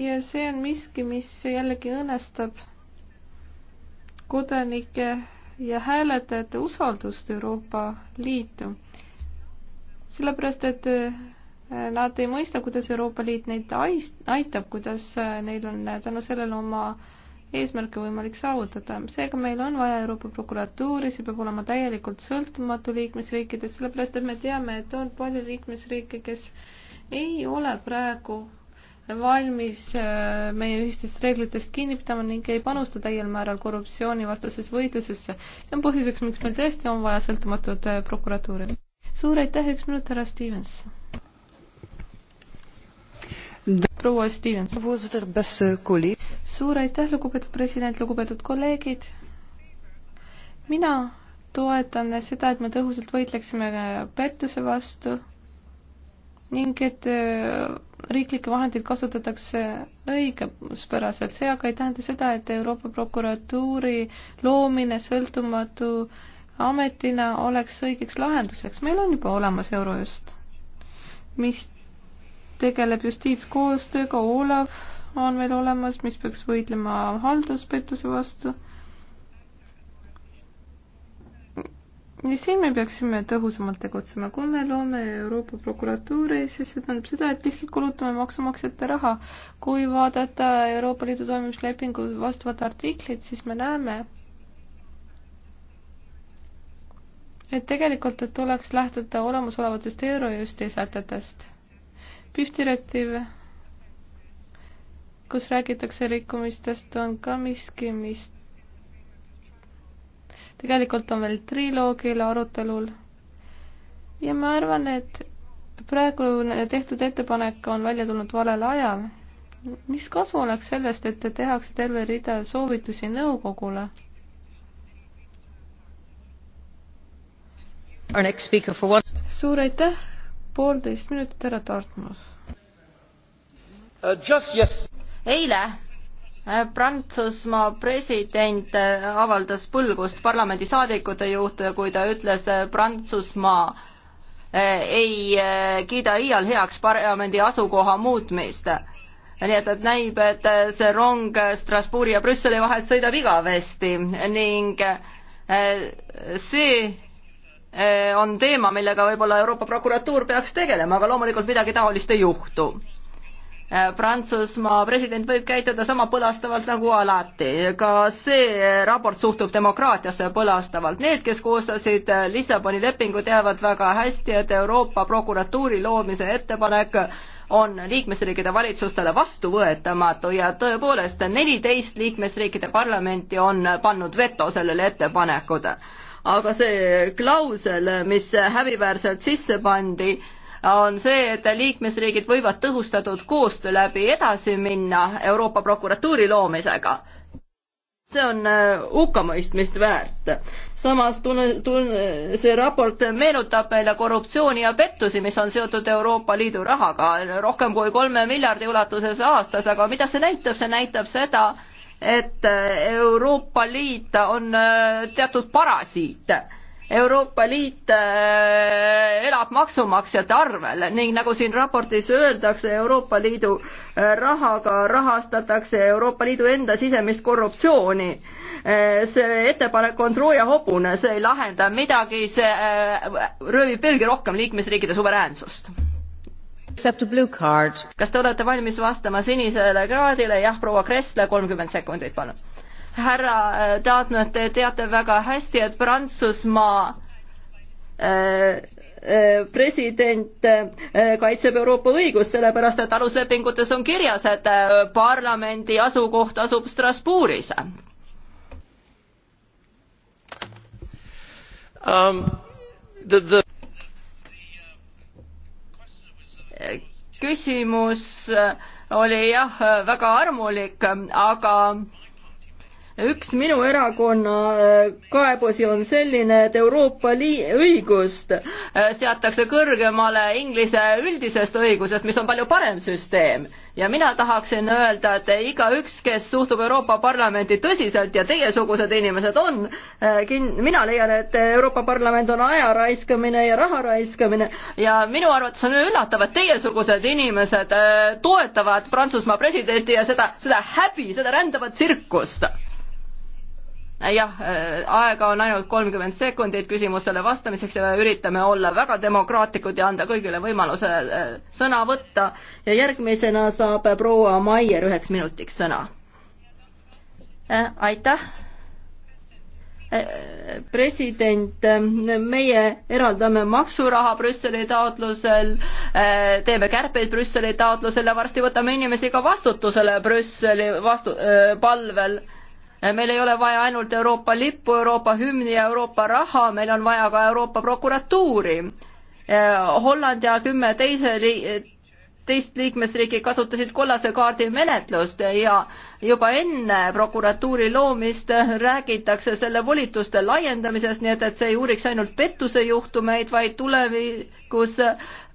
ja see on miski, mis jällegi õõnestab kodanike ja hääletajate usaldust Euroopa Liitu. sellepärast, et äh, nad ei mõista, kuidas Euroopa Liit neid aitab, kuidas äh, neil on äh, tänu sellele oma eesmärke võimalik saavutada. seega meil on vaja Euroopa prokuratuuri, see peab olema täielikult sõltumatu liikmesriikides, sellepärast et me teame, et on palju liikmesriike, kes ei ole praegu valmis äh, meie ühistest reeglitest kinni pidama ning ei panusta täiel määral korruptsioonivastases võitlusesse. see on põhjuseks, miks meil tõesti on vaja sõltumatut äh, prokuratuuri. suur aitäh, üks minut, härra Stevens! proua Stevens. suur aitäh, lugupeetud president, lugupeetud kolleegid. mina toetan seda, et me tõhusalt võitleksime pettuse vastu ning et äh, riiklikke vahendeid kasutatakse õiguspäraselt, see aga ei tähenda seda, et Euroopa prokuratuuri loomine sõltumatu ametina oleks õigeks lahenduseks, meil on juba olemas Eurojust, mis tegeleb justiitskoostööga, Olav on meil olemas, mis peaks võitlema halduspettuse vastu. ja siin me peaksime tõhusamalt tegutsema, kui me loome Euroopa prokuratuuri, siis see tähendab seda, et lihtsalt kulutame maksumaksjate raha. kui vaadata Euroopa Liidu toimimislepingu vastavat artiklit, siis me näeme, et tegelikult, et tuleks lähtuda olemasolevatest Eurojusti sätetest PIF direktiiv, kus räägitakse rikkumistest, on ka miski, mis tegelikult on veel triloogil arutelul. ja ma arvan, et praegu tehtud ettepanek on välja tulnud valel ajal. mis kasu oleks sellest, et tehakse terve rida soovitusi nõukogule? suur aitäh poolteist minutit, härra Tartmas uh,. Yes. eile äh, Prantsusmaa president äh, avaldas põlgust parlamendisaadikute juurde, kui ta ütles äh, Prantsusmaa ei kiida iial heaks parlamendi asukoha muutmist. nii et, et näib, et see rong Strasbourgi ja Brüsseli vahel sõidab igavesti ning see Äh, on teema, millega võib-olla Euroopa prokuratuur peaks tegelema, aga loomulikult midagi taolist ei juhtu. Äh, Prantsusmaa president võib käituda sama põlastavalt nagu alati, ka see äh, raport suhtub demokraatiasse põlastavalt. Need, kes koostasid Lissaboni lepingu, teavad väga hästi, et Euroopa prokuratuuri loomise ettepanek on liikmesriikide valitsustele vastuvõetamatu ja tõepoolest neliteist liikmesriikide parlamenti on pannud veto sellele ettepanekule aga see klausel, mis häbiväärselt sisse pandi, on see, et liikmesriigid võivad tõhustatud koostöö läbi edasi minna Euroopa prokuratuuri loomisega see on äh, hukkamõistmist väärt. samas tunne, tunne, see raport meenutab meile korruptsiooni ja pettusi, mis on seotud Euroopa Liidu rahaga, rohkem kui kolme miljardi ulatuses aastas, aga mida see näitab, see näitab seda, et äh, Euroopa Liit on äh, teatud parasiit. Euroopa Liit äh, elab maksumaksjate arvel ning nagu siin raportis öeldakse, Euroopa Liidu rahaga rahastatakse Euroopa Liidu enda sisemist korruptsiooni see ettepanek on Trooja hobune, see ei lahenda midagi, see röövib veelgi rohkem liikmesriikide suveräänsust kas te olete valmis vastama sinisele kraadile? jah, proua Kressle, kolmkümmend sekundit, palun. härra Taatnõe, äh, te teate väga hästi, et Prantsusmaa äh, äh president äh, kaitseb Euroopa õigust, sellepärast et aluslepingutes on kirjas, et parlamendi asukoht asub Strasbourgis um,. The, the... küsimus oli jah, väga armulik, aga üks minu erakonna äh, kaebusi on selline, et Euroopa lii-, õigust äh, seatakse kõrgemale Inglise üldisest õigusest, mis on palju parem süsteem. ja mina tahaksin öelda, et igaüks, kes suhtub Euroopa Parlamenti tõsiselt ja teiesugused inimesed on, äh, kin-, mina leian, et Euroopa Parlament on aja raiskamine ja raha raiskamine ja minu arvates on üllatav, et teiesugused inimesed toetavad Prantsusmaa presidenti ja seda, seda häbi, seda rändavat tsirkust jah, äh, aega on ainult kolmkümmend sekundit küsimustele vastamiseks ja üritame olla väga demokraatlikud ja anda kõigile võimaluse äh, sõna võtta. ja järgmisena saab proua Maier üheks minutiks sõna. Äh, aitäh. president, meie eraldame maksuraha Brüsseli taotlusel, teeme kärpeid Brüsseli taotlusel ja varsti võtame inimesi ka vastutusele Brüsseli vastu-, palvel meil ei ole vaja ainult Euroopa lippu, Euroopa hümni ja Euroopa raha, meil on vaja ka Euroopa prokuratuuri. Eh, Holland ja kümme teise kaksteist liikmesriiki kasutasid kollase kaardi menetlust ja juba enne prokuratuuri loomist räägitakse selle volituste laiendamisest, nii et, et see ei uuriks ainult pettusejuhtumeid, vaid tulevikus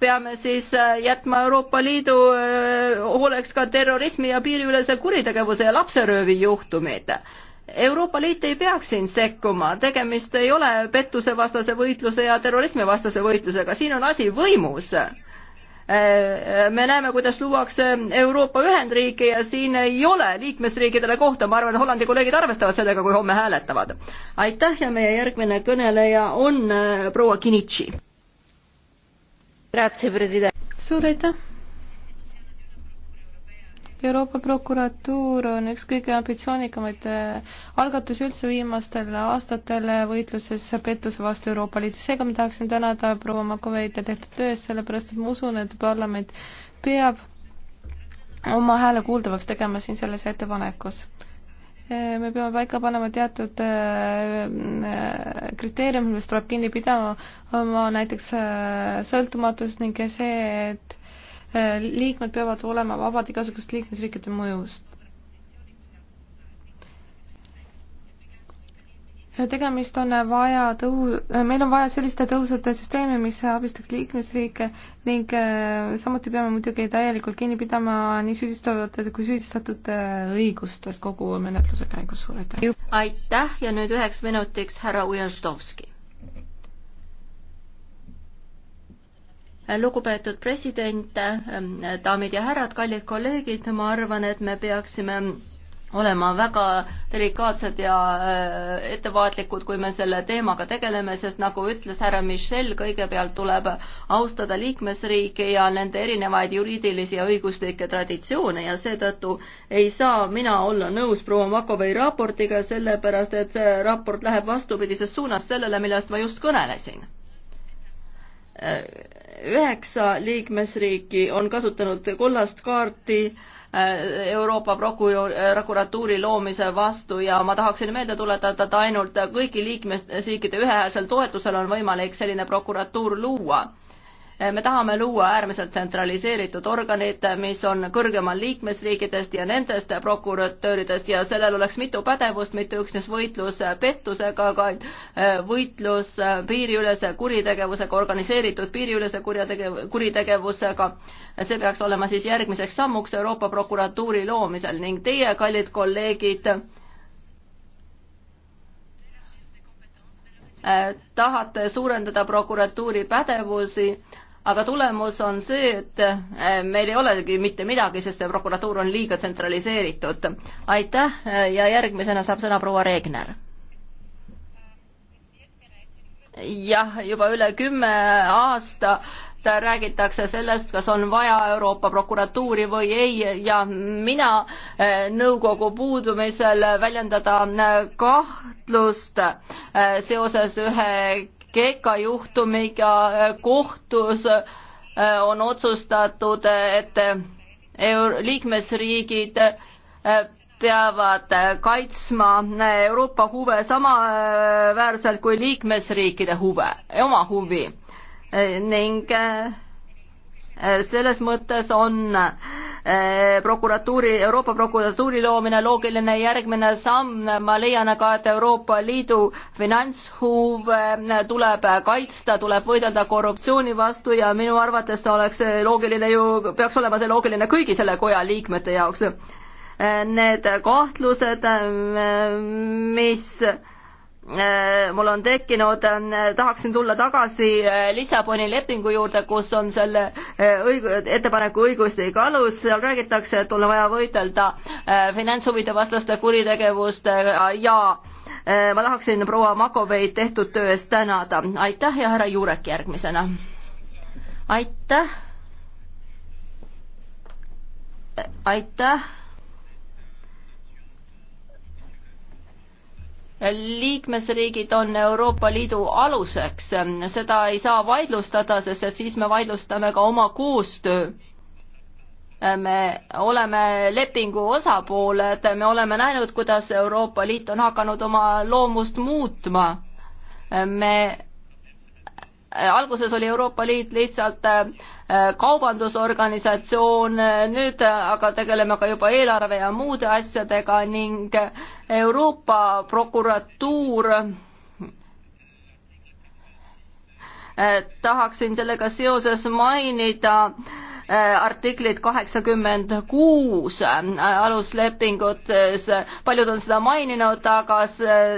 peame siis jätma Euroopa Liidu hooleks ka terrorismi ja piiriülese kuritegevuse ja lapseröövi juhtumeid Euroopa Liit ei peaks siin sekkuma, tegemist ei ole pettusevastase võitluse ja terrorismivastase võitlusega, siin on asi võimus Äh, me näeme, kuidas luuakse Euroopa Ühendriike ja siin ei ole liikmesriikidele kohta, ma arvan, Hollandi kolleegid arvestavad sellega, kui homme hääletavad. aitäh ja meie järgmine kõneleja on äh, proua Kinitši. suur aitäh Euroopa prokuratuur on üks kõige ambitsioonikamaid äh, algatusi üldse viimastel aastatel äh, võitluses pettuse vastu Euroopa Liidus. seega ma tahaksin tänada proua Makoveid tehtud töö eest, sellepärast et ma usun, et parlament peab oma hääle kuuldavaks tegema siin selles ettepanekus äh, me peame paika panema teatud kriteeriumid, millest tuleb kinni pidama, oma näiteks sõltumatus ning see, et Äh, liikmed peavad olema vabad igasugust liikmesriikide mõjust. Äh, tegemist on vaja tõhu-, äh, meil on vaja selliste tõhusate süsteeme, mis abistaks liikmesriike ning samuti peame muidugi täielikult kinni pidama nii süüdistatavate kui süüdistatute õigustest kogu menetluse käigus. suur aitäh! aitäh ja nüüd üheks minutiks härra Ujazdovski lugupeetud president, ehm, daamid ja härrad, kallid kolleegid, ma arvan, et me peaksime olema väga delikaatsed ja ehm, ettevaatlikud, kui me selle teemaga tegeleme, sest nagu ütles härra Michel, kõigepealt tuleb austada liikmesriike ja nende erinevaid juriidilisi ja õiguslikke traditsioone ja seetõttu ei saa mina olla nõus proua Makovei raportiga, sellepärast et see raport läheb vastupidises suunas sellele, millest ma just kõnelesin Äh, üheksa liikmesriiki on kasutanud kollast kaarti äh, Euroopa prokurör, äh, prokuratuuri loomise vastu ja ma tahaksin meelde tuletada, et ainult kõigi liikmesriikide ühehäälsel toetusel on võimalik selline prokuratuur luua me tahame luua äärmiselt tsentraliseeritud organid, mis on kõrgemal liikmesriikidest ja nendest prokuröridest ja sellel oleks mitu pädevust, mitte üksnes võitlus pettusega, aga äh, võitlus äh, piiriülese kuritegevusega, organiseeritud piiriülese kurjategev-, kuritegevusega. see peaks olema siis järgmiseks sammuks Euroopa prokuratuuri loomisel ning teie, kallid kolleegid, äh, tahate suurendada prokuratuuri pädevusi aga tulemus on see, et äh, meil ei olegi mitte midagi, sest see prokuratuur on liiga tsentraliseeritud. aitäh äh, ja järgmisena saab sõna proua Regner. jah, juba üle kümme aasta räägitakse sellest, kas on vaja Euroopa prokuratuuri või ei ja mina äh, nõukogu puudumisel väljendada kahtlust seoses ühe Kreeka juhtumiga äh, kohtus äh, on otsustatud, et äh, liikmesriigid peavad kaitsma Euroopa huve samaväärselt kui liikmesriikide huve, oma huvi ning Eh, selles mõttes on eh, prokuratuuri, Euroopa prokuratuuri loomine loogiline järgmine samm, ma leian aga, et Euroopa Liidu finantshuv eh, tuleb kaitsta, tuleb võidelda korruptsiooni vastu ja minu arvates oleks see loogiline ju, peaks olema see loogiline kõigi selle koja liikmete jaoks. Need kahtlused, mis Äh, mul on tekkinud, äh, tahaksin tulla tagasi äh, Lissaboni lepingu juurde, kus on selle õig-, ettepaneku õiguslik alus, seal räägitakse, et on vaja võidelda finantshuvide vastaste kuritegevustega ja ma tahaksin proua Makoveid tehtud töö eest tänada. aitäh ja härra Juurek järgmisena. aitäh. aitäh liikmesriigid on Euroopa Liidu aluseks, seda ei saa vaidlustada, sest et siis me vaidlustame ka oma koostöö. me oleme lepingu osapooled, me oleme näinud, kuidas Euroopa Liit on hakanud oma loomust muutma. me Äh, alguses oli Euroopa Liit lihtsalt äh, äh, kaubandusorganisatsioon, nüüd aga tegeleme ka juba eelarve ja muude asjadega ning Euroopa prokuratuur tahaksin sellega seoses mainida äh, Äh, artiklit kaheksakümmend kuus äh, aluslepingutes, paljud on seda maininud, aga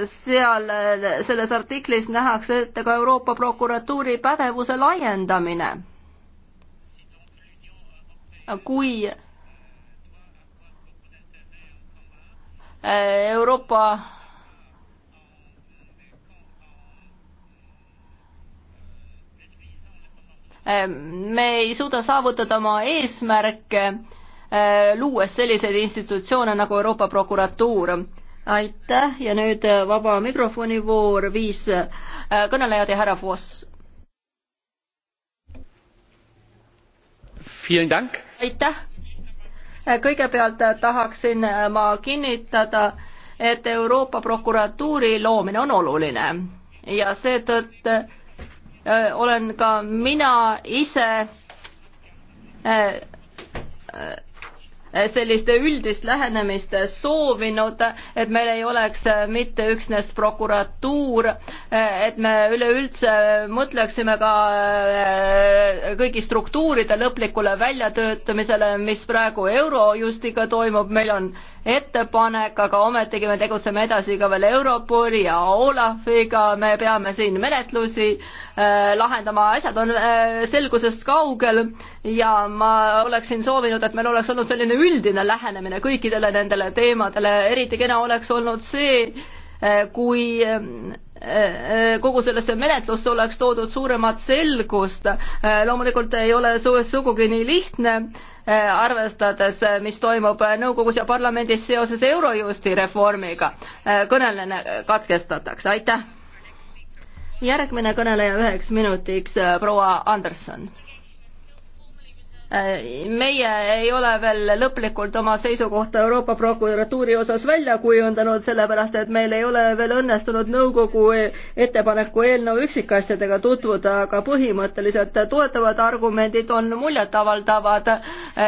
seal äh, selles artiklis nähakse ette ka Euroopa prokuratuuri pädevuse laiendamine. kui Euroopa Ehm, me ei suuda saavutada oma eesmärke, ehm, luues selliseid institutsioone nagu Euroopa prokuratuur aitäh ja nüüd eh, vaba mikrofoni voor viis eh, kõnelejad ja härra Foss. aitäh. Eh, kõigepealt tahaksin ma kinnitada, et Euroopa prokuratuuri loomine on oluline ja seetõttu olen ka mina ise sellist üldist lähenemist soovinud, et meil ei oleks mitte üksnes prokuratuur, et me üleüldse mõtleksime ka kõigi struktuuride lõplikule väljatöötamisele, mis praegu Eurojustiga toimub, meil on ettepanek, aga ometigi me tegutseme edasi ka veel Europoli ja Olafiga, me peame siin menetlusi äh, lahendama, asjad on äh, selgusest kaugel ja ma oleksin soovinud, et meil oleks olnud selline üldine lähenemine kõikidele nendele teemadele, eriti kena oleks olnud see, äh, kui äh, äh, kogu sellesse menetlusse oleks toodud suuremat selgust. loomulikult ei ole sugugi nii lihtne Äh, arvestades, äh, mis toimub äh, nõukogus ja parlamendis seoses Eurojusti reformiga. kõneline katkestatakse, aitäh. järgmine kõneleja üheks minutiks, proua Anderson meie ei ole veel lõplikult oma seisukohta Euroopa prokuratuuri osas välja kujundanud, sellepärast et meil ei ole veel õnnestunud nõukogu ettepaneku eelnõu üksikasjadega tutvuda, aga põhimõtteliselt toetavad argumendid on muljetavaldavad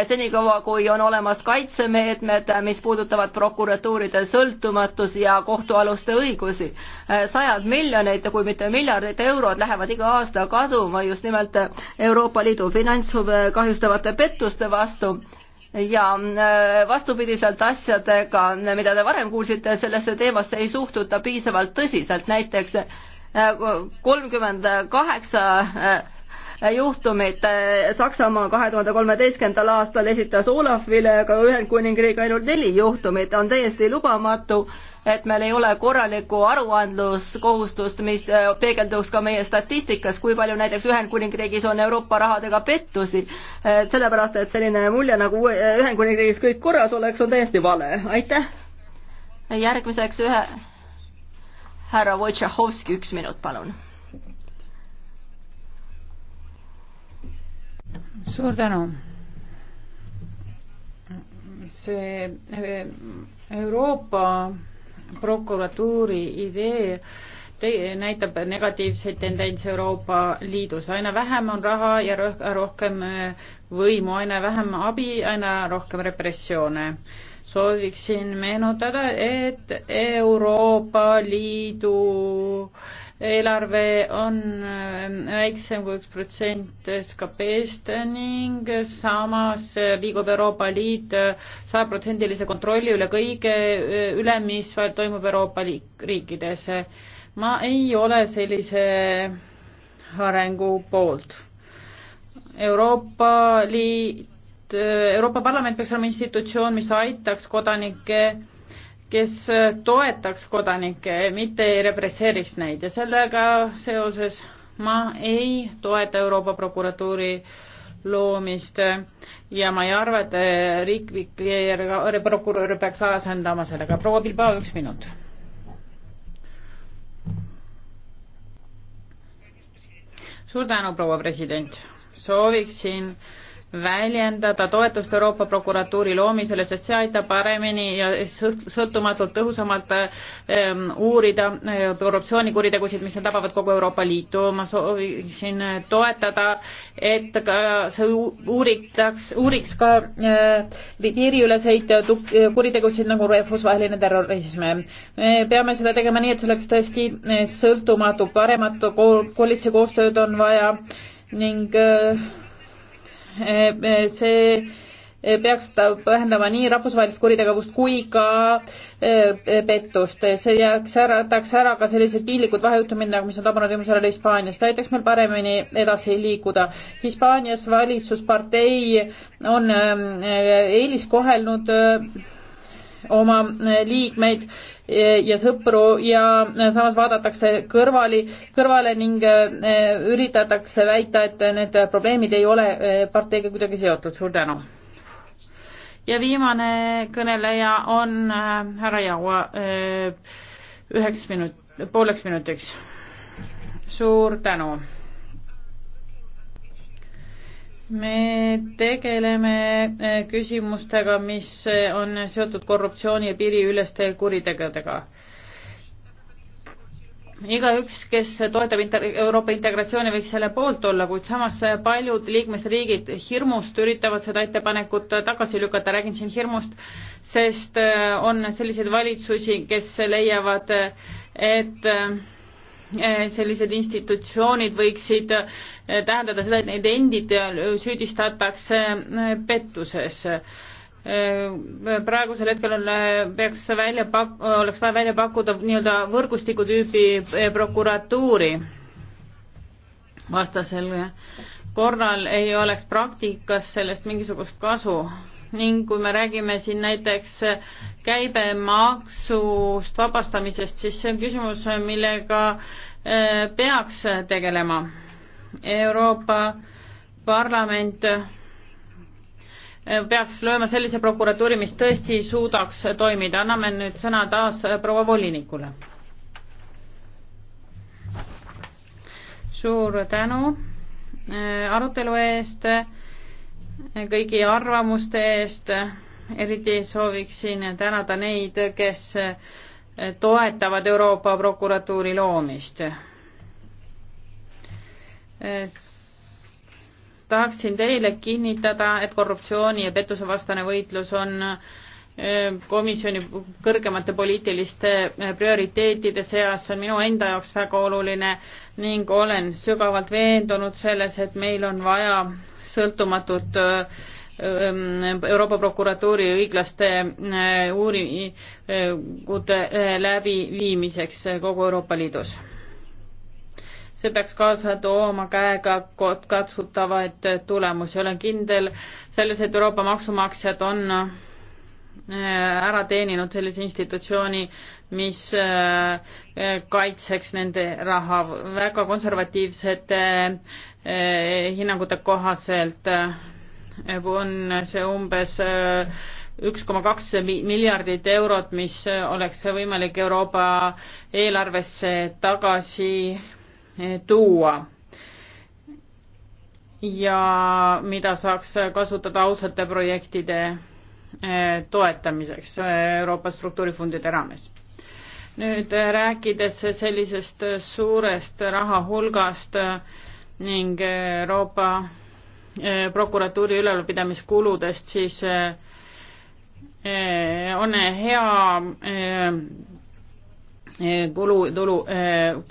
senikaua, kui on olemas kaitsemeetmed, mis puudutavad prokuratuuride sõltumatus ja kohtualuste õigusi. sajad miljoneid, kui mitte miljardid eurod lähevad iga aasta kaduma just nimelt Euroopa Liidu finantshuve kahjustavate toimuvate pettuste vastu ja äh, vastupidiselt asjadega, mida te varem kuulsite, sellesse teemasse ei suhtuta piisavalt tõsiselt, näiteks äh, kolmkümmend kaheksa äh, juhtumit. Saksamaa kahe tuhande kolmeteistkümnendal aastal esitas Olafile, aga Ühendkuningriik ainult neli juhtumit, on täiesti lubamatu et meil ei ole korralikku aruandluskohustust, mis peegelduks ka meie statistikas, kui palju näiteks Ühendkuningriigis on Euroopa rahadega pettusi. sellepärast, et selline mulje nagu Ühendkuningriigis kõik korras oleks, on täiesti vale, aitäh. järgmiseks ühe, härra Wojciechowski, üks minut, palun suur tänu. see eh, Euroopa prokuratuuri idee te-, näitab negatiivseid tendentse Euroopa Liidus, aina vähem on raha ja roh-, rohkem eh, võimu, aina vähem abi, aina rohkem repressioone. sooviksin meenutada, et Euroopa Liidu äh, eelarve on ähm, väiksem kui üks protsent SKP-st ning samas liigub Euroopa Liit äh, sajaprotsendilise kontrolli üle kõige äh, üle, mis toimub Euroopa riikides. ma ei ole sellise arengu poolt. Euroopa Liit, äh, Euroopa Parlament peaks olema institutsioon, mis aitaks kodanikke kes äh, toetaks kodanikke, mitte ei represseeriks neid ja sellega seoses ma ei toeta Euroopa prokuratuuri loomist ja ma ei arva, et äh, riiklik äh, prokurör peaks asendama sellega. proua Bilbao, üks minut. suur tänu, proua president. sooviksin äh, väljendada toetust Euroopa prokuratuuri loomisele, sest see aitab paremini ja sõltumatult tõhusamalt ehm, uurida ehm, korruptsioonikuritegusid, mis tabavad kogu Euroopa Liitu. ma sooviksin toetada, et ka see uuritaks, uuriks ka ehm, piiriüleseid kuritegusid nagu rahvusvaheline terrorism. me peame seda tegema nii, et see oleks tõesti sõltumatu, paremat ko koostööd on vaja ning äh, Eh, eh, see eh, peaks ta vähendama nii rahvusvahelist kuritegevust kui ka pettust. see jääks ära, jätaks ära ka sellised piinlikud vahejuhtumid, nagu mis on tabanud viimasel ajal Hispaanias. see aitaks meil paremini edasi liikuda. Hispaanias valitsuspartei on eeliskohelnud oma liikmeid Eh, ja sõpru ja eh, samas vaadatakse kõrvali, kõrvale ning eh, üritatakse väita, et need probleemid ei ole parteiga kuidagi seotud. suur tänu. ja viimane kõneleja on härra Jaua üheks minut-, pooleks minutiks. suur tänu me tegeleme eh, küsimustega, mis eh, on seotud korruptsiooni ja piiriüleste kuritegudega. igaüks, kes toetab inter-, Euroopa integratsiooni, võiks selle poolt olla, kuid samas paljud liikmesriigid hirmust üritavad seda ettepanekut tagasi lükata, räägin siin hirmust, sest eh, on selliseid valitsusi, kes leiavad, et Eh, sellised institutsioonid võiksid eh, tähendada seda, et neid endid eh, süüdistatakse pettuses. praegusel hetkel on, peaks välja pak-, oleks vaja välja pakkuda nii-öelda võrgustiku tüüpi prokuratuuri vastasel korral ei oleks praktikas sellest mingisugust kasu ning kui me räägime siin näiteks käibemaksust vabastamisest, siis see on küsimus, millega äh, peaks tegelema. Euroopa Parlament äh, peaks lööma sellise prokuratuuri, mis tõesti suudaks toimida. anname nüüd sõna taas proua volinikule. suur tänu äh, arutelu eest kõigi arvamuste eest, eriti sooviksin tänada neid, kes toetavad Euroopa prokuratuuri loomist. tahaksin teile kinnitada, et korruptsiooni ja pettusevastane võitlus on eh, komisjoni kõrgemate poliitiliste eh, prioriteetide seas on minu enda jaoks väga oluline ning olen sügavalt veendunud selles, et meil on vaja sõltumatut äh, äh, Euroopa prokuratuuri õiglaste äh, uuringute läbiviimiseks kogu Euroopa Liidus. see peaks kaasa tooma käega katsutavaid tulemusi, olen kindel selles, et Euroopa maksumaksjad on ära teeninud sellise institutsiooni mis äh, kaitseks nende raha väga konservatiivsete äh, hinnangute kohaselt äh, on see umbes üks koma kaks miljardit eurot, mis oleks võimalik Euroopa eelarvesse tagasi tuua. ja mida saaks kasutada ausate projektide toetamiseks Euroopa struktuurifondide raames nüüd rääkides sellisest suurest rahahulgast ning Euroopa eh, prokuratuuri ülalpidamiskuludest, siis eh, on hea eh, kulu-tulu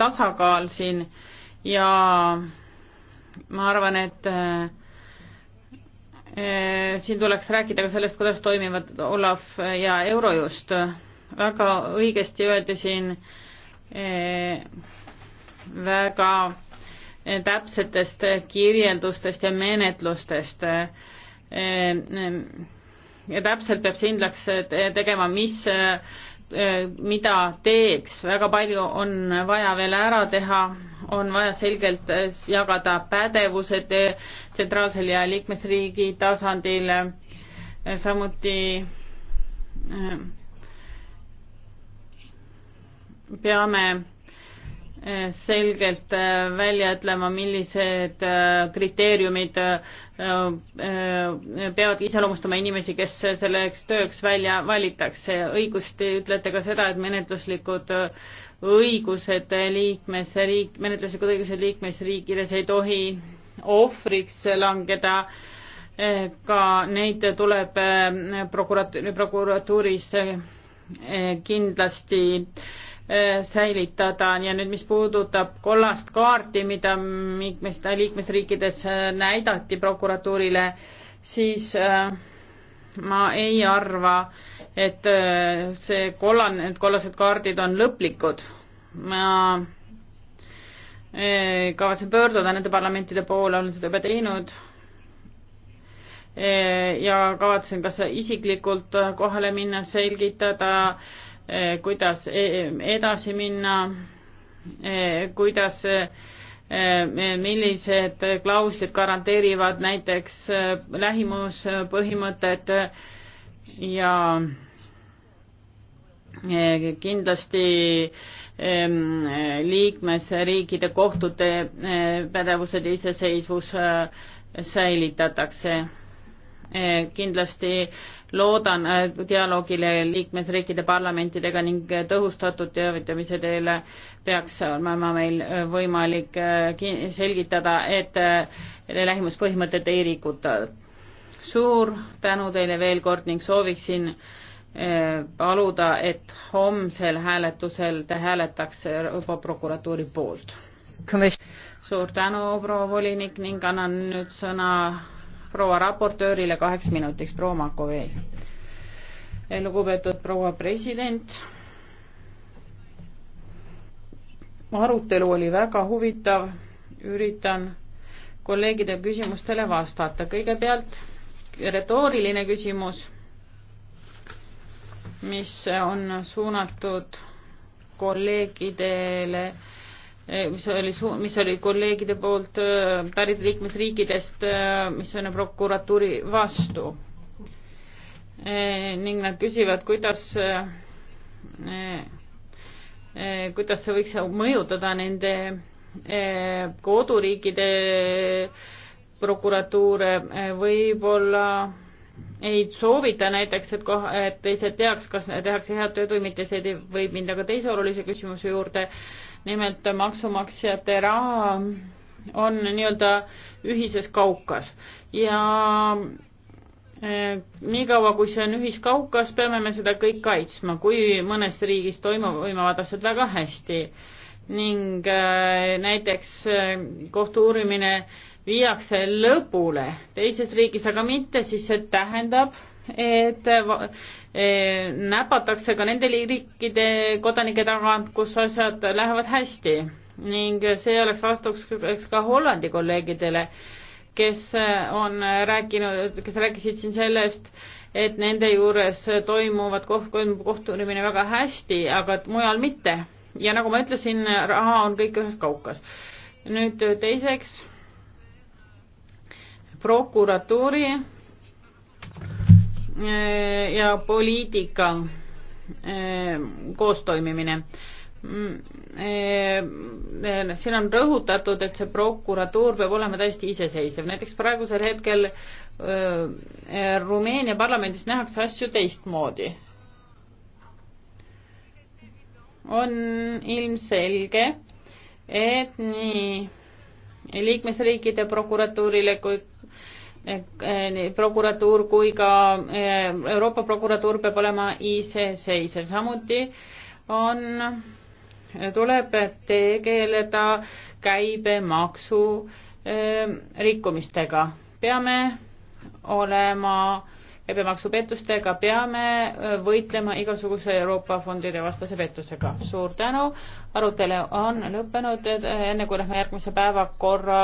tasakaal siin ja ma arvan, et siin tuleks rääkida ka sellest, kuidas toimivad Olav ja Eurojust väga õigesti öeldi siin eh, väga eh, täpsetest kirjeldustest ja menetlustest. Eh, ja täpselt peab kindlaks tegema, mis, mida teeks, väga palju on vaja veel ära teha, on vaja selgelt jagada pädevused tsentraalsel ja liikmesriigi tasandil, samuti peame eh, selgelt eh, välja ütlema, millised eh, kriteeriumid peavad iseloomustama inimesi, kes selleks tööks välja valitakse. õigusti ütlete ka seda, et menetluslikud õigused liikmesriik, menetluslikud õigused liikmesriikides ei tohi ohvriks langeda ka neid tuleb prokurat-, prokuratuuris kindlasti äh, Äh, säilitada ja nüüd, mis puudutab kollast kaarti, mida mitmes äh, liikmesriikides äh, näidati prokuratuurile, siis ma ei arva, et see kollane, need kollased kaardid on lõplikud. ma kavatsen pöörduda nende parlamentide poole, olen seda juba teinud ja kavatsen kas isiklikult kohale minna, selgitada äh, Eh, kuidas eh, eh, edasi minna, kuidas, millised klauslid garanteerivad näiteks lähimuspõhimõtet ja kindlasti ehm, liikmesriikide kohtute pädevused ja iseseisvus säilitatakse Eh, kindlasti loodan eh, dialoogile liikmesriikide parlamentidega ning eh, tõhustatud teavitamise teele peaks olema meil võimalik selgitada, et lähimuspõhimõtet ei rikuta. suur tänu teile veel kord ning sooviksin paluda, et homsel hääletusel te hääletaks Euroopa prokuratuuri poolt. suur tänu, proua volinik ning annan nüüd sõna proua raportöörile kaheks minutiks, proua Makovei. lugupeetud proua president, arutelu oli väga huvitav, üritan kolleegide küsimustele vastata. kõigepealt retooriline küsimus, mis on suunatud kolleegidele äh, Eh, mis oli, mis oli kolleegide poolt eh, pärit liikmesriikidest, eh, mis on prokuratuuri vastu. ning nad küsivad, kuidas, kuidas see võiks mõjutada nende koduriikide prokuratuure, võib-olla ei soovita näiteks, et kohe, et teised teaks, kas tehakse head tööd või mitte, see teeb, võib minna ka teise olulise küsimuse juurde nimelt maksumaksjate raha on nii-öelda ühises kaukas ja eh, niikaua, kui see on ühiskaukas, peame me seda kõik kaitsma, kui mõnes riigis toimuvad asjad väga hästi ning eh, näiteks eh, kohtu uurimine viiakse lõpule teises riigis, aga mitte, siis see tähendab, et eh, näpatakse ka nende riikide kodanike tagant, kus asjad lähevad hästi ning see oleks vastuks ka Hollandi kolleegidele, kes on rääkinud, kes rääkisid siin sellest, et nende juures toimuvad koht-, toimub kohtumine väga hästi, aga mujal mitte. ja nagu ma ütlesin, raha on kõik ühes kaukas. nüüd teiseks, prokuratuuri Äh, ja poliitika äh, koostoimimine. Mm, äh, siin on rõhutatud, et see prokuratuur peab olema täiesti iseseisev, näiteks praegusel hetkel Rumeenia parlamendis nähakse asju teistmoodi. on ilmselge, et nii liikmesriikide prokuratuurile kui Eh, nii prokuratuur kui ka eh, Euroopa prokuratuur peab olema iseseisev, samuti on, eh, tuleb tegeleda käibemaksu rikkumistega. peame olema käibemaksupettustega, peame võitlema igasuguse Euroopa fondide vastase pettusega. suur tänu, arutelu on lõppenud, enne kui lähme järgmise päevakorra